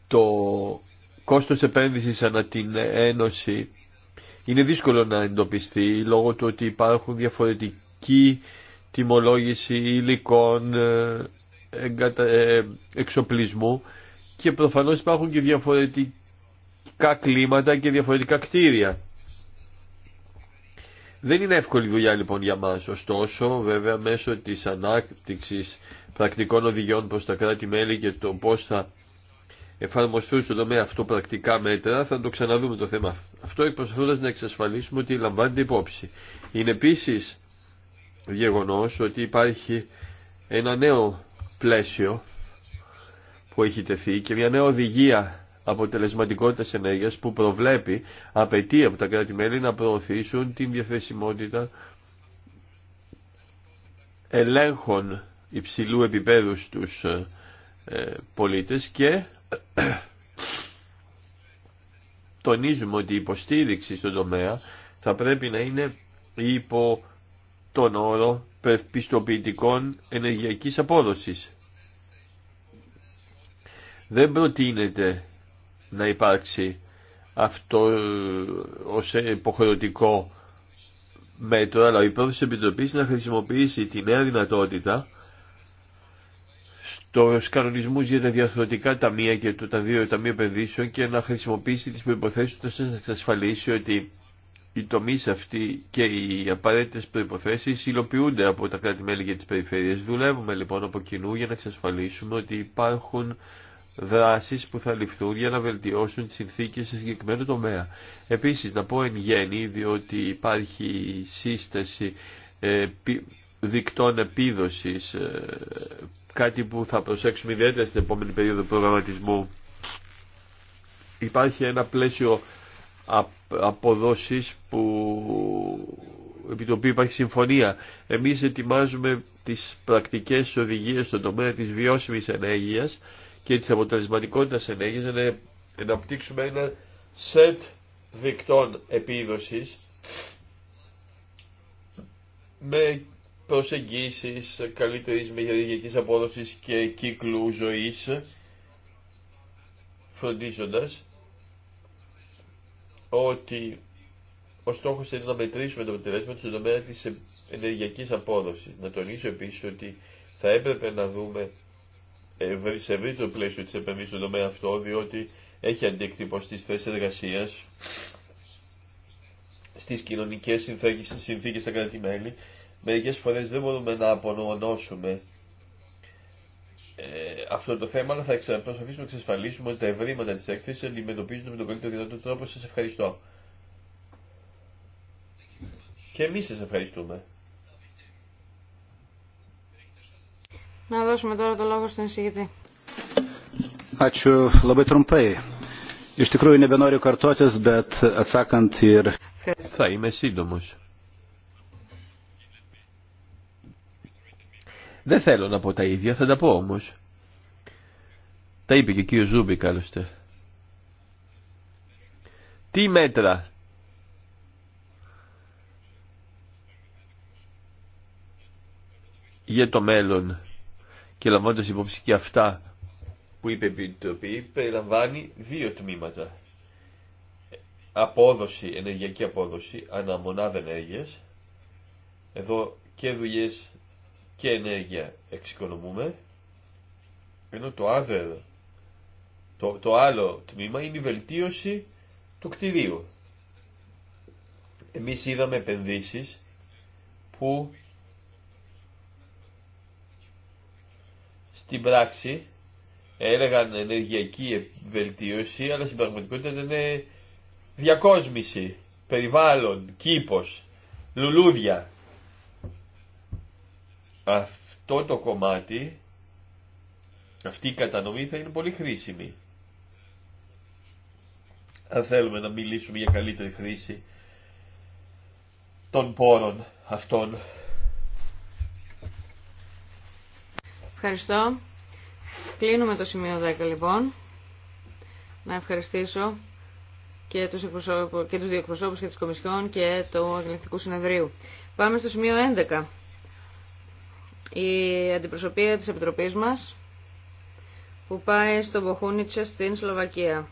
το κόστος επένδυσης ανά την Ένωση είναι δύσκολο να εντοπιστεί λόγω του ότι υπάρχουν διαφορετική τιμολόγηση υλικών, ε, ε, εξοπλισμού και προφανώς υπάρχουν και διαφορετικά κλίματα και διαφορετικά κτίρια. Δεν είναι εύκολη δουλειά λοιπόν για μας, ωστόσο βέβαια μέσω της ανάπτυξης πρακτικών οδηγιών προς τα κράτη-μέλη και το πώς θα εφαρμοστούν στον τομέα αυτό πρακτικά μέτρα, θα το ξαναδούμε το θέμα αυτό, προσπαθώντα να εξασφαλίσουμε ότι λαμβάνεται υπόψη. Είναι επίση γεγονό ότι υπάρχει ένα νέο πλαίσιο που έχει τεθεί και μια νέα οδηγία αποτελεσματικότητα ενέργεια που προβλέπει, απαιτεί από τα κράτη-μέλη να προωθήσουν την διαθεσιμότητα ελέγχων υψηλού επίπεδου στους ε, ε, πολίτες και τονίζουμε ότι η υποστήριξη στον τομέα θα πρέπει να είναι υπό τον όρο πιστοποιητικών ενεργειακής απόδοσης. Δεν προτείνεται να υπάρξει αυτό ε, ως υποχρεωτικό μέτρο, αλλά η πρόθεση της Επιτροπής να χρησιμοποιήσει τη νέα δυνατότητα του κανονισμού για τα διαθροτικά ταμεία και το, τα δύο ταμεία επενδύσεων και να χρησιμοποιήσει τις προϋποθέσεις του να εξασφαλίσει ότι οι τομεί αυτοί και οι απαραίτητε προποθέσει υλοποιούνται από τα κράτη-μέλη και τι περιφέρειε. Δουλεύουμε λοιπόν από κοινού για να εξασφαλίσουμε ότι υπάρχουν δράσει που θα ληφθούν για να βελτιώσουν τι συνθήκε σε συγκεκριμένο τομέα. Επίση, να πω εν γέννη, διότι υπάρχει σύσταση ε, δικτών επίδοσης, ε, κάτι που θα προσέξουμε ιδιαίτερα στην επόμενη περίοδο προγραμματισμού. Υπάρχει ένα πλαίσιο αποδόσεις που επί το οποίο υπάρχει συμφωνία. Εμείς ετοιμάζουμε τις πρακτικές οδηγίες στον τομέα της βιώσιμης ενέργειας και της αποτελεσματικότητας ενέργειας να αναπτύξουμε ένα σετ δικτών επίδοσης με προσεγγίσεις καλύτερης μεγενεργειακής απόδοσης και κύκλου ζωής, φροντίζοντας ότι ο στόχος είναι να μετρήσουμε το αποτελέσμα στον τομέα της ενεργειακής απόδοσης. Να τονίσω επίσης ότι θα έπρεπε να δούμε σε ευρύτερο πλαίσιο της επενδύσης στον τομέα αυτό, διότι έχει αντίκτυπο στις θέσεις εργασίας, στις κοινωνικές συνθήκες, συνθήκες στα κράτη-μέλη Μερικές φορές δεν μπορούμε να απονομονώσουμε ε, αυτό το θέμα, αλλά θα προσπαθήσουμε να εξασφαλίσουμε ότι τα ευρήματα της έκθεσης αντιμετωπίζονται με τον καλύτερο δυνατό τρόπο. Σας ευχαριστώ. Και εμείς σας ευχαριστούμε. Να δώσουμε τώρα το λόγο στην εισηγητή. Θα είμαι σύντομος. Δεν θέλω να πω τα ίδια, θα τα πω όμως. Τα είπε και ο κύριος Ζούμπη Τι μέτρα. Για το μέλλον και λαμβάνοντας υπόψη και αυτά που είπε η Επιτροπή, περιλαμβάνει δύο τμήματα. Απόδοση, ενεργειακή απόδοση, αναμονάδα ενέργειας. Εδώ και δουλειές και ενέργεια ναι, εξοικονομούμε, ενώ το other, το, το άλλο τμήμα είναι η βελτίωση του κτηρίου. Εμείς είδαμε επενδύσεις που στην πράξη έλεγαν ενεργειακή βελτίωση, αλλά στην πραγματικότητα ήταν διακόσμηση, περιβάλλον, κήπος, λουλούδια αυτό το κομμάτι, αυτή η κατανομή θα είναι πολύ χρήσιμη. Αν θέλουμε να μιλήσουμε για καλύτερη χρήση των πόρων αυτών. Ευχαριστώ. Κλείνουμε το σημείο 10 λοιπόν. Να ευχαριστήσω και τους, και τους δύο εκπροσώπους και τις Κομισιόν και του Εγκλεκτικού Συνεδρίου. Πάμε στο σημείο 11 η αντιπροσωπεία της Επιτροπής μας που πάει στο Μποχούνιτσε στην Σλοβακία.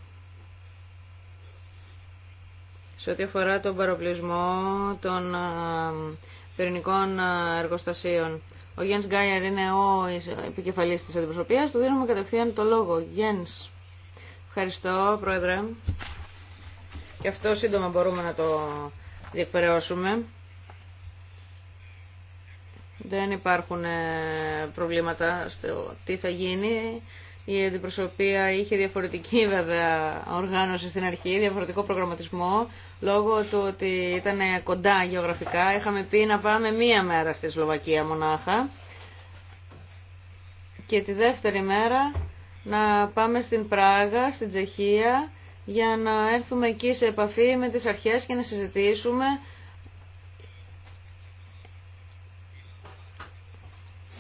Σε ό,τι αφορά τον παροπλισμό των πυρηνικών εργοστασίων. Ο Γιάννης Γκάιερ είναι ο επικεφαλής της αντιπροσωπείας. Του δίνουμε κατευθείαν το λόγο. Γιάννης. Ευχαριστώ, Πρόεδρε. Και αυτό σύντομα μπορούμε να το διεκπαιρεώσουμε. Δεν υπάρχουν ε, προβλήματα στο τι θα γίνει. Η αντιπροσωπεία είχε διαφορετική βέβαια οργάνωση στην αρχή, διαφορετικό προγραμματισμό, λόγω του ότι ήταν κοντά γεωγραφικά. Είχαμε πει να πάμε μία μέρα στη Σλοβακία μονάχα και τη δεύτερη μέρα να πάμε στην Πράγα, στην Τσεχία, για να έρθουμε εκεί σε επαφή με τις αρχές και να συζητήσουμε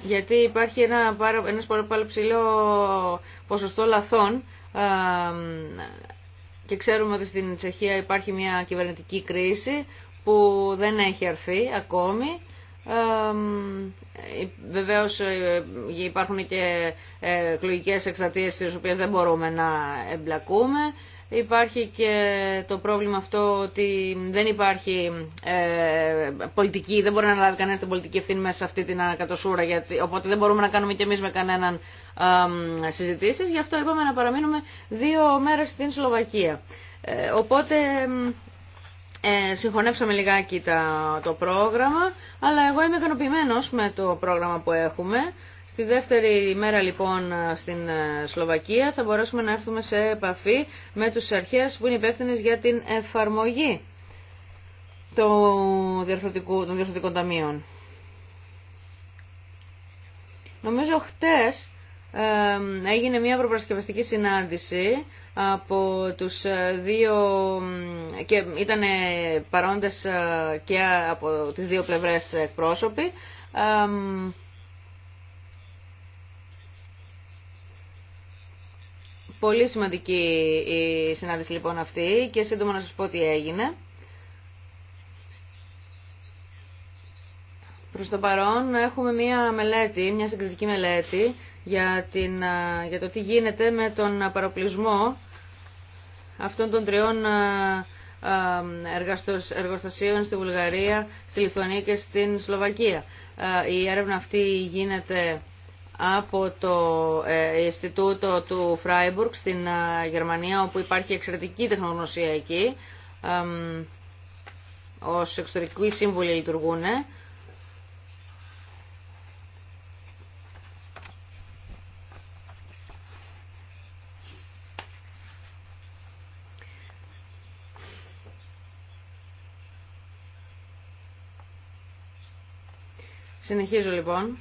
γιατί υπάρχει ένα πάρα, ένας πάρα ψηλό ποσοστό λαθών και ξέρουμε ότι στην Τσεχία υπάρχει μια κυβερνητική κρίση που δεν έχει αρθεί ακόμη. βεβαίως ε, υπάρχουν και ε, εκλογικές εξαρτήσεις στις οποίες δεν μπορούμε να εμπλακούμε. Υπάρχει και το πρόβλημα αυτό ότι δεν υπάρχει ε, πολιτική, δεν μπορεί να λάβει κανένα την πολιτική ευθύνη μέσα σε αυτή την ανακατοσούρα, γιατί, οπότε δεν μπορούμε να κάνουμε κι εμείς με κανέναν ε, συζητήσεις, γι' αυτό είπαμε να παραμείνουμε δύο μέρες στην Σλοβακία. Ε, οπότε ε, συγχωνεύσαμε λιγάκι τα, το πρόγραμμα, αλλά εγώ είμαι ικανοποιημένο με το πρόγραμμα που έχουμε. Στη δεύτερη ημέρα λοιπόν στην ε, Σλοβακία θα μπορέσουμε να έρθουμε σε επαφή με τους αρχές που είναι υπεύθυνε για την εφαρμογή των διορθωτικών ταμείων. Νομίζω χτες έγινε μια προπαρασκευαστική συνάντηση από τους ε, δύο και ήταν παρόντες ε, και από τις δύο πλευρές εκπρόσωποι Πολύ σημαντική η συνάντηση λοιπόν αυτή και σύντομα να σας πω τι έγινε. Προς το παρόν έχουμε μία μελέτη, μία συγκριτική μελέτη για, την, για το τι γίνεται με τον παροπλισμό αυτών των τριών εργοστασίων στη Βουλγαρία, στη Λιθουανία και στην Σλοβακία. Η έρευνα αυτή γίνεται από το ε, Ινστιτούτο του Φράιμπουργκ στην ε, Γερμανία όπου υπάρχει εξαιρετική τεχνογνωσία εκεί ως εξωτερικοί σύμβουλοι λειτουργούν Συνεχίζω λοιπόν.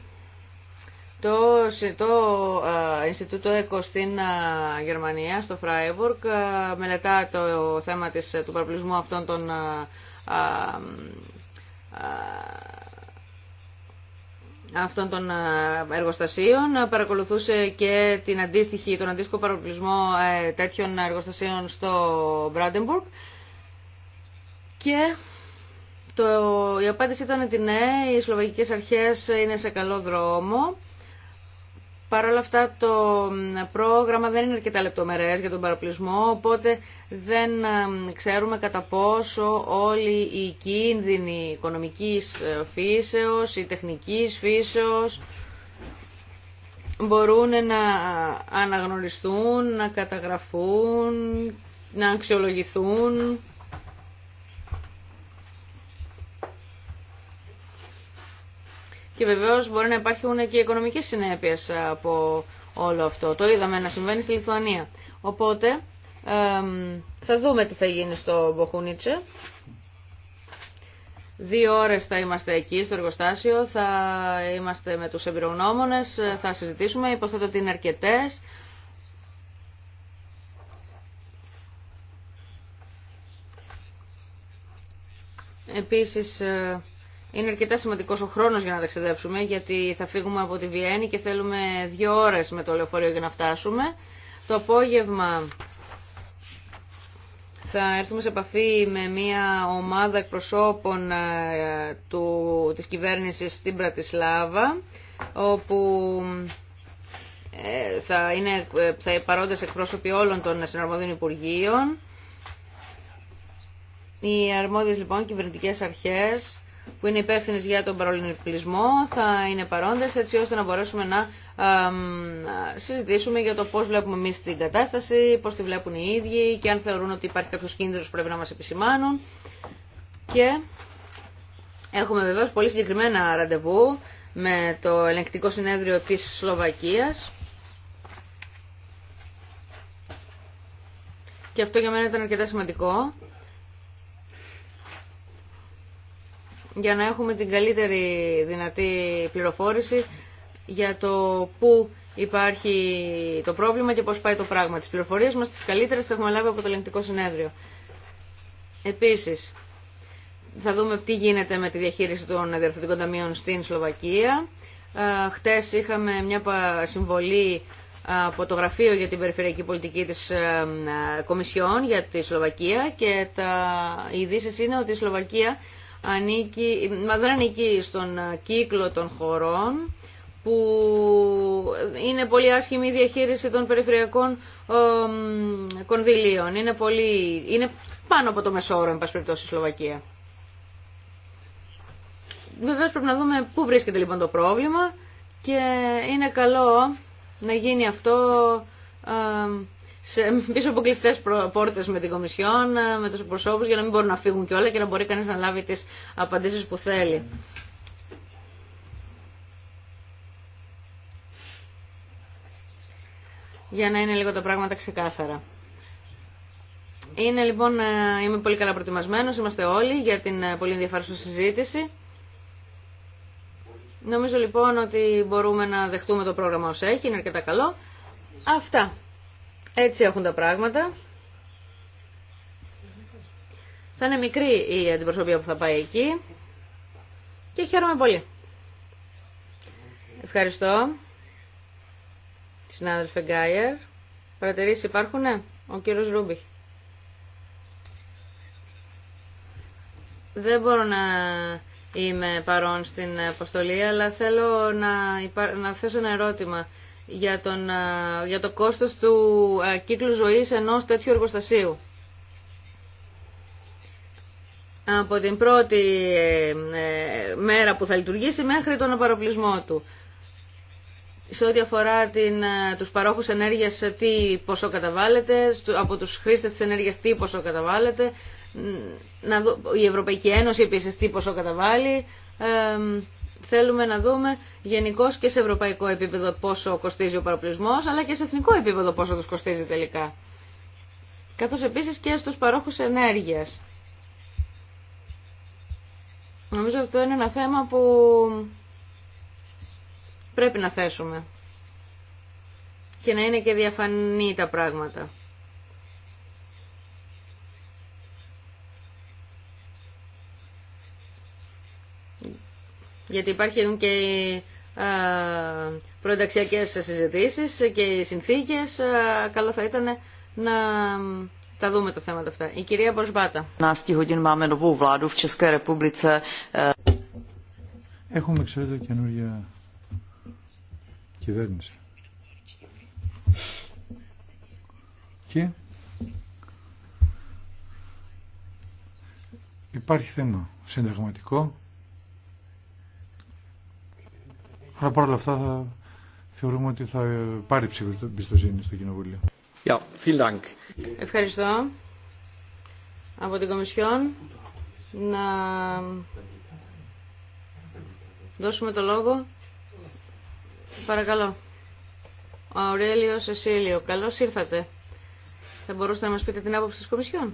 Το, το Ινστιτούτο ΕΚΟ στην Γερμανία, στο Φράιμπουργκ, μελετά το θέμα της, του παραπλησμού αυτών των αυτών των εργοστασίων. Παρακολουθούσε και την αντίστοιχη, τον αντίστοιχο παροπλισμό ε, τέτοιων εργοστασίων στο Μπράντεμπουργκ. Και το, η απάντηση ήταν ότι ναι, οι αρχές είναι σε καλό δρόμο. Παρ' όλα αυτά το πρόγραμμα δεν είναι αρκετά λεπτομερές για τον παραπλησμό, οπότε δεν ξέρουμε κατά πόσο όλοι οι κίνδυνοι οικονομικής ε, φύσεως ή τεχνικής φύσεως μπορούν να αναγνωριστούν, να καταγραφούν, να αξιολογηθούν και βεβαίω μπορεί να υπάρχουν και οικονομικέ συνέπειε από όλο αυτό. Το είδαμε να συμβαίνει στη Λιθουανία. Οπότε θα δούμε τι θα γίνει στο Μποχούνιτσε. Δύο ώρε θα είμαστε εκεί στο εργοστάσιο, θα είμαστε με του εμπειρογνώμονε, θα συζητήσουμε, υποθέτω ότι είναι αρκετέ. Επίσης, ε, είναι αρκετά σημαντικό ο χρόνος για να ταξιδέψουμε, γιατί θα φύγουμε από τη Βιέννη και θέλουμε δύο ώρες με το λεωφορείο για να φτάσουμε. Το απόγευμα θα έρθουμε σε επαφή με μια ομάδα εκπροσώπων ε, του, της κυβέρνησης στην Πρατισλάβα, όπου ε, θα είναι ε, θα παρόντες εκπρόσωποι όλων των συναρμόδιων υπουργείων. Οι αρμόδιες λοιπόν κυβερνητικές αρχές που είναι υπεύθυνε για τον παρολυνικλισμό θα είναι παρόντες έτσι ώστε να μπορέσουμε να συζητήσουμε για το πώς βλέπουμε εμεί την κατάσταση, πώς τη βλέπουν οι ίδιοι και αν θεωρούν ότι υπάρχει κάποιο κίνδυνο που πρέπει να μα επισημάνουν. Και έχουμε βεβαίω πολύ συγκεκριμένα ραντεβού με το ελεγκτικό συνέδριο τη Σλοβακία. Και αυτό για μένα ήταν αρκετά σημαντικό για να έχουμε την καλύτερη δυνατή πληροφόρηση για το πού υπάρχει το πρόβλημα και πώς πάει το πράγμα. Τις πληροφορίες μας τις καλύτερες τις έχουμε λάβει από το ελεγκτικό συνέδριο. Επίσης, θα δούμε τι γίνεται με τη διαχείριση των διαρθρωτικών ταμείων στην Σλοβακία. Χτες είχαμε μια συμβολή από το Γραφείο για την Περιφερειακή Πολιτική της ε, ε, Κομισιόν για τη Σλοβακία και τα ειδήσει είναι ότι η Σλοβακία ανήκει, μα δεν ανήκει στον ε, κύκλο των χωρών που είναι πολύ άσχημη η διαχείριση των περιφερειακών ε, κονδυλίων. Είναι, πολύ, είναι πάνω από το μεσόωρο, εν πάση περιπτώσει, η Σλοβακία. Βεβαίως πρέπει να δούμε πού βρίσκεται λοιπόν το πρόβλημα και είναι καλό να γίνει αυτό ε, σε, πίσω από κλειστέ πόρτε με την Κομισιόν, ε, με του προσώπου, για να μην μπορούν να φύγουν και και να μπορεί κανεί να λάβει τι απαντήσει που θέλει. Για να είναι λίγο τα πράγματα ξεκάθαρα. Είναι λοιπόν, ε, είμαι πολύ καλά προετοιμασμένος, είμαστε όλοι για την ε, πολύ ενδιαφέρουσα συζήτηση. Νομίζω λοιπόν ότι μπορούμε να δεχτούμε το πρόγραμμα ως έχει, είναι αρκετά καλό. Αυτά. Έτσι έχουν τα πράγματα. Θα είναι μικρή η αντιπροσωπεία που θα πάει εκεί και χαίρομαι πολύ. Ευχαριστώ. Συνάδελφε Γκάιερ. Παρατηρήσει υπάρχουνε. Ναι. Ο κύριος Ρούμπιχ. Δεν μπορώ να είμαι παρόν στην αποστολή, αλλά θέλω να, να θέσω ένα ερώτημα για, τον, ε, για το κόστος του ε, κύκλου ζωής ενός τέτοιου εργοστασίου. Από την πρώτη ε, μέρα που θα λειτουργήσει μέχρι τον απαροπλισμό του. Σε ό,τι αφορά την, τους παρόχους ενέργειας, τι ποσό καταβάλλεται, από τους χρήστες της ενέργειας τι ποσό καταβάλλεται, να η Ευρωπαϊκή Ένωση επίσης τι ποσό καταβάλει, θέλουμε να δούμε γενικώ και σε ευρωπαϊκό επίπεδο πόσο κοστίζει ο παροπλισμός, αλλά και σε εθνικό επίπεδο πόσο του κοστίζει τελικά. Καθώς επίσης και στου παρόχους ενέργειας. Νομίζω ότι αυτό είναι ένα θέμα που πρέπει να θέσουμε και να είναι και διαφανή τα πράγματα. γιατί υπάρχουν και οι ε, προενταξιακές συζητήσεις και οι συνθήκες. Ε, καλό θα ήταν να τα δούμε τα θέματα αυτά. Η κυρία Μποσμπάτα. Ε, Έχουμε, εξαιρετικά καινούργια κυβέρνηση. Και υπάρχει θέμα συνταγματικό Αλλά παρόλα αυτά θα θεωρούμε ότι θα πάρει ψηφιστοσύνη στο Κοινοβούλιο. vielen Dank. Ευχαριστώ. Από την Κομισιόν να δώσουμε το λόγο. Παρακαλώ. Ο Αουρέλιο Σεσίλιο, καλώς ήρθατε. Θα μπορούσατε να μας πείτε την άποψη της Κομισιόν.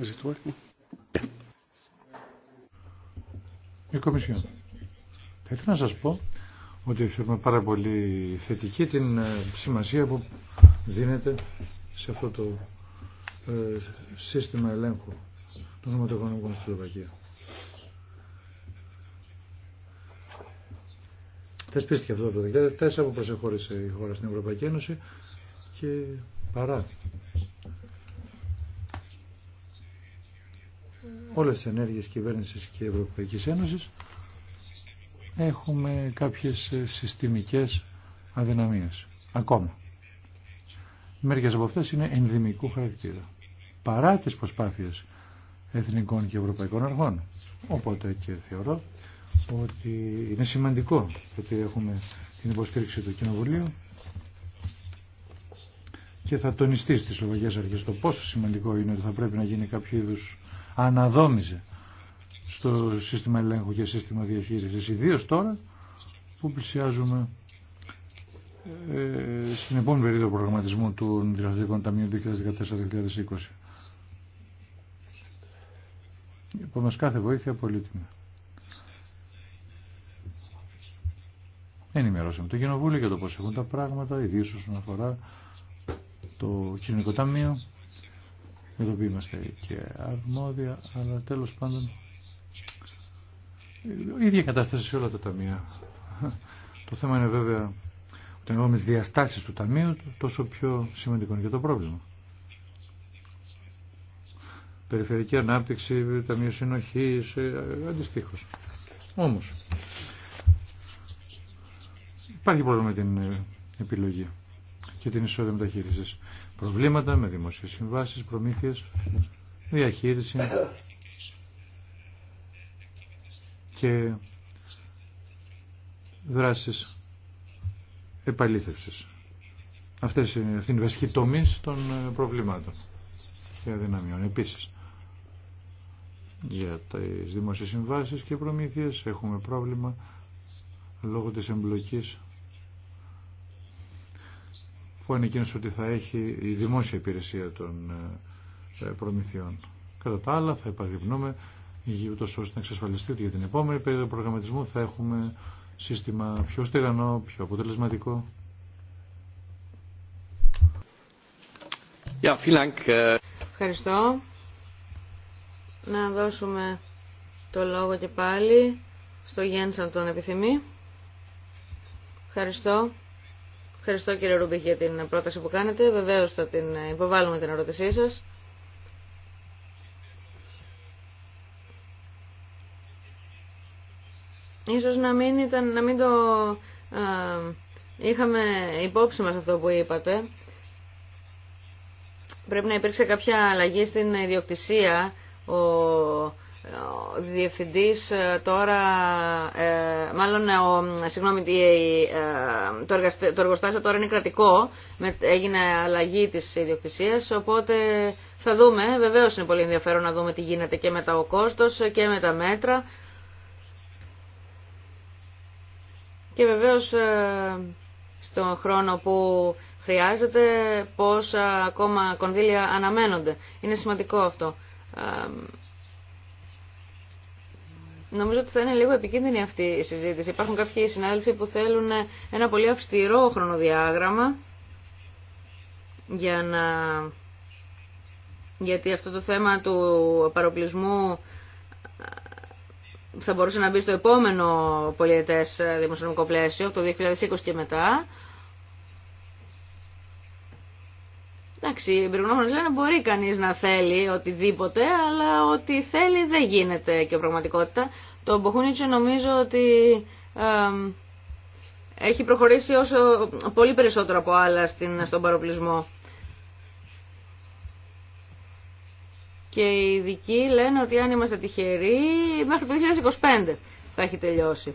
Is it working? Η Κομισιόν. Θα ήθελα να σας πω ότι θεωρούμε πάρα πολύ θετική την ε, σημασία που δίνεται σε αυτό το ε, σύστημα ελέγχου των νομοτοοικονομικών στη Σλοβακία. Θεσπίστηκε αυτό το 2004 που προσεχώρησε η χώρα στην Ευρωπαϊκή Ένωση και παρά όλες τις ενέργειες κυβέρνησης και Ευρωπαϊκής Ένωσης έχουμε κάποιες ε, συστημικές αδυναμίες ακόμα. Μερικές από αυτές είναι ενδημικού χαρακτήρα παρά τις προσπάθειες εθνικών και ευρωπαϊκών αρχών. Οπότε και θεωρώ ότι είναι σημαντικό ότι έχουμε την υποστήριξη του Κοινοβουλίου και θα τονιστεί στις Σλοβακές Αρχές το πόσο σημαντικό είναι ότι θα πρέπει να γίνει κάποιο είδους Αναδόμιζε στο σύστημα ελέγχου και σύστημα διαχείρισης. Ιδίω τώρα που πλησιάζουμε ε, στην επόμενη περίοδο προγραμματισμού του Διευθυντικών Ταμείου 2014-2020. μας κάθε βοήθεια πολύτιμη. Ενημερώσαμε το Κοινοβούλιο για το πώς έχουν τα πράγματα, ιδίως όσον αφορά το Κοινωνικό Ταμείο εδώ το είμαστε και αρμόδια, αλλά τέλος πάντων η ίδια κατάσταση σε όλα τα ταμεία. Το θέμα είναι βέβαια ότι εγώ με τις διαστάσεις του ταμείου τόσο πιο σημαντικό είναι και το πρόβλημα. Περιφερειακή ανάπτυξη, ταμείο συνοχής, ε, αντιστοίχως. Όμως, υπάρχει πρόβλημα με την ε, επιλογή και την ισότητα μεταχείριση. Προβλήματα με δημοσίε συμβάσει, προμήθειε, διαχείριση και δράσεις επαλήθευση. Αυτές είναι, αυτή είναι η βασική τομή των ε, προβλημάτων και αδυναμιών. Επίση. για τι δημόσιες συμβάσεις και προμήθειες έχουμε πρόβλημα λόγω της εμπλοκής που εκείνος ότι θα έχει η δημόσια υπηρεσία των ε, ε, προμηθειών. Κατά τα άλλα θα υπαγρυπνούμε ούτως ώστε να εξασφαλιστεί ότι για την επόμενη περίοδο προγραμματισμού θα έχουμε σύστημα πιο στεγανό, πιο αποτελεσματικό. Ε. Ευχαριστώ. Να δώσουμε το λόγο και πάλι στο Γένσαν τον επιθυμεί. Ευχαριστώ. Ευχαριστώ κύριε Ρούμπιχ για την πρόταση που κάνετε. βεβαίω θα την ε, υποβάλουμε την ερώτησή σα. Ίσως να μην, ήταν, να μην το ε, είχαμε υπόψη μας αυτό που είπατε. Πρέπει να υπήρξε κάποια αλλαγή στην ιδιοκτησία. Ο, διευθυντής ε, τώρα, ε, μάλλον ε, ο, συγγνώμη, το, εργοστάσιο τώρα είναι κρατικό, έγινε αλλαγή της ιδιοκτησίας, οπότε θα δούμε, βεβαίως είναι πολύ ενδιαφέρον να δούμε τι γίνεται και με τα ο και με τα μέτρα. Και βεβαίως στον χρόνο που χρειάζεται πόσα ακόμα κονδύλια αναμένονται. Είναι σημαντικό αυτό Νομίζω ότι θα είναι λίγο επικίνδυνη αυτή η συζήτηση. Υπάρχουν κάποιοι συνάδελφοι που θέλουν ένα πολύ αυστηρό χρονοδιάγραμμα για να... γιατί αυτό το θέμα του παροπλισμού ε, θα μπορούσε να μπει στο επόμενο πολιετές ε, δημοσιονομικό πλαίσιο, από το 2020 και μετά. Εντάξει, οι εμπειρογνώμονες λένε μπορεί κανείς να θέλει οτιδήποτε, αλλά ό,τι θέλει δεν γίνεται και πραγματικότητα. Το Μποχούνιτσο νομίζω ότι ε, έχει προχωρήσει όσο, πολύ περισσότερο από άλλα στην, στον παροπλισμό. Και οι ειδικοί λένε ότι αν είμαστε τυχεροί μέχρι το 2025 θα έχει τελειώσει.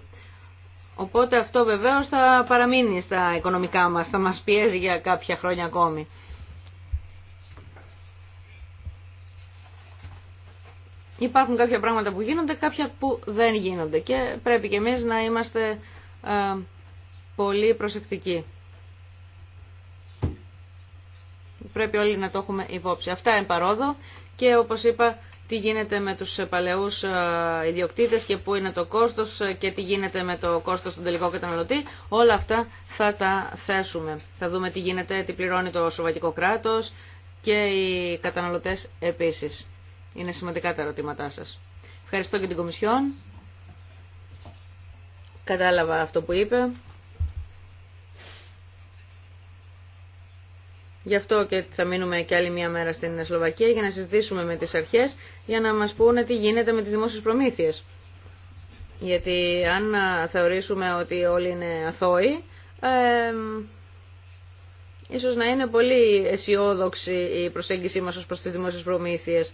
Οπότε αυτό βεβαίως θα παραμείνει στα οικονομικά μας, θα μας πιέζει για κάποια χρόνια ακόμη. υπάρχουν κάποια πράγματα που γίνονται, κάποια που δεν γίνονται και πρέπει και εμείς να είμαστε ε, πολύ προσεκτικοί. Πρέπει όλοι να το έχουμε υπόψη. Αυτά είναι παρόδο και όπως είπα τι γίνεται με τους παλαιούς ε, ιδιοκτήτες και πού είναι το κόστος ε, και τι γίνεται με το κόστος στον τελικό καταναλωτή. Όλα αυτά θα τα θέσουμε. Θα δούμε τι γίνεται, τι πληρώνει το σοβατικό κράτος και οι καταναλωτές επίσης. Είναι σημαντικά τα ερωτήματά σας. Ευχαριστώ και την Κομισιόν. Κατάλαβα αυτό που είπε. Γι' αυτό και θα μείνουμε και άλλη μία μέρα στην Σλοβακία για να συζητήσουμε με τις αρχές για να μας πούνε τι γίνεται με τις δημόσιες προμήθειες. Γιατί αν θεωρήσουμε ότι όλοι είναι αθώοι, ε, ίσως να είναι πολύ αισιόδοξη η προσέγγιση μας ως προς τις δημόσιες προμήθειες.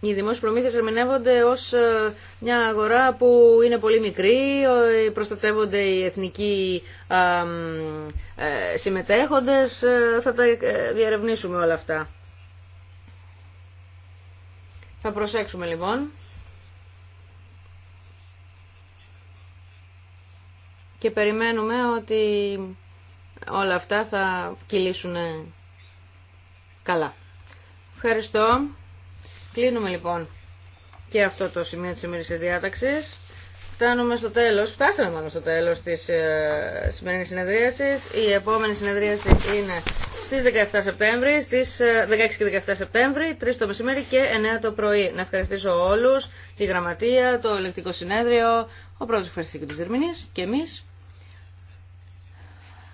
Οι δημόσιες προμήθειες ερμηνεύονται ως ε, μια αγορά που είναι πολύ μικρή, ε, προστατεύονται οι εθνικοί ε, συμμετέχοντες, θα τα διαρευνήσουμε όλα αυτά. Θα προσέξουμε λοιπόν. Και περιμένουμε ότι όλα αυτά θα κυλήσουν καλά. Ευχαριστώ. Κλείνουμε λοιπόν και αυτό το σημείο της ημερήσιας διάταξης. Φτάνουμε στο τέλος, φτάσαμε μάλλον στο τέλος της ε, σημερινής συνεδρίασης. Η επόμενη συνεδρίαση είναι στις 17 Σεπτέμβρη, στις 16 ε, και 17 Σεπτέμβρη, 3 το μεσημέρι και 9 το πρωί. Να ευχαριστήσω όλους, τη Γραμματεία, το Ελεκτικό Συνέδριο, ο πρώτος Ευχαριστή και τους Δερμηνείς και εμείς.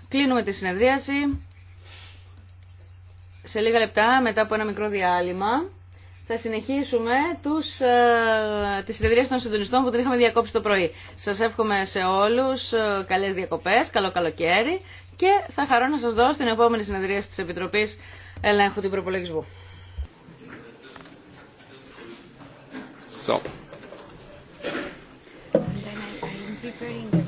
Κλείνουμε τη συνεδρίαση σε λίγα λεπτά μετά από ένα μικρό διάλειμμα θα συνεχίσουμε τους, ε, τις συνεδρίες των συντονιστών που την είχαμε διακόψει το πρωί. Σας εύχομαι σε όλους ε, καλές διακοπές, καλό καλοκαίρι και θα χαρώ να σας δω στην επόμενη συνεδρία της Επιτροπής Ελέγχου του Προπολογισμού. So.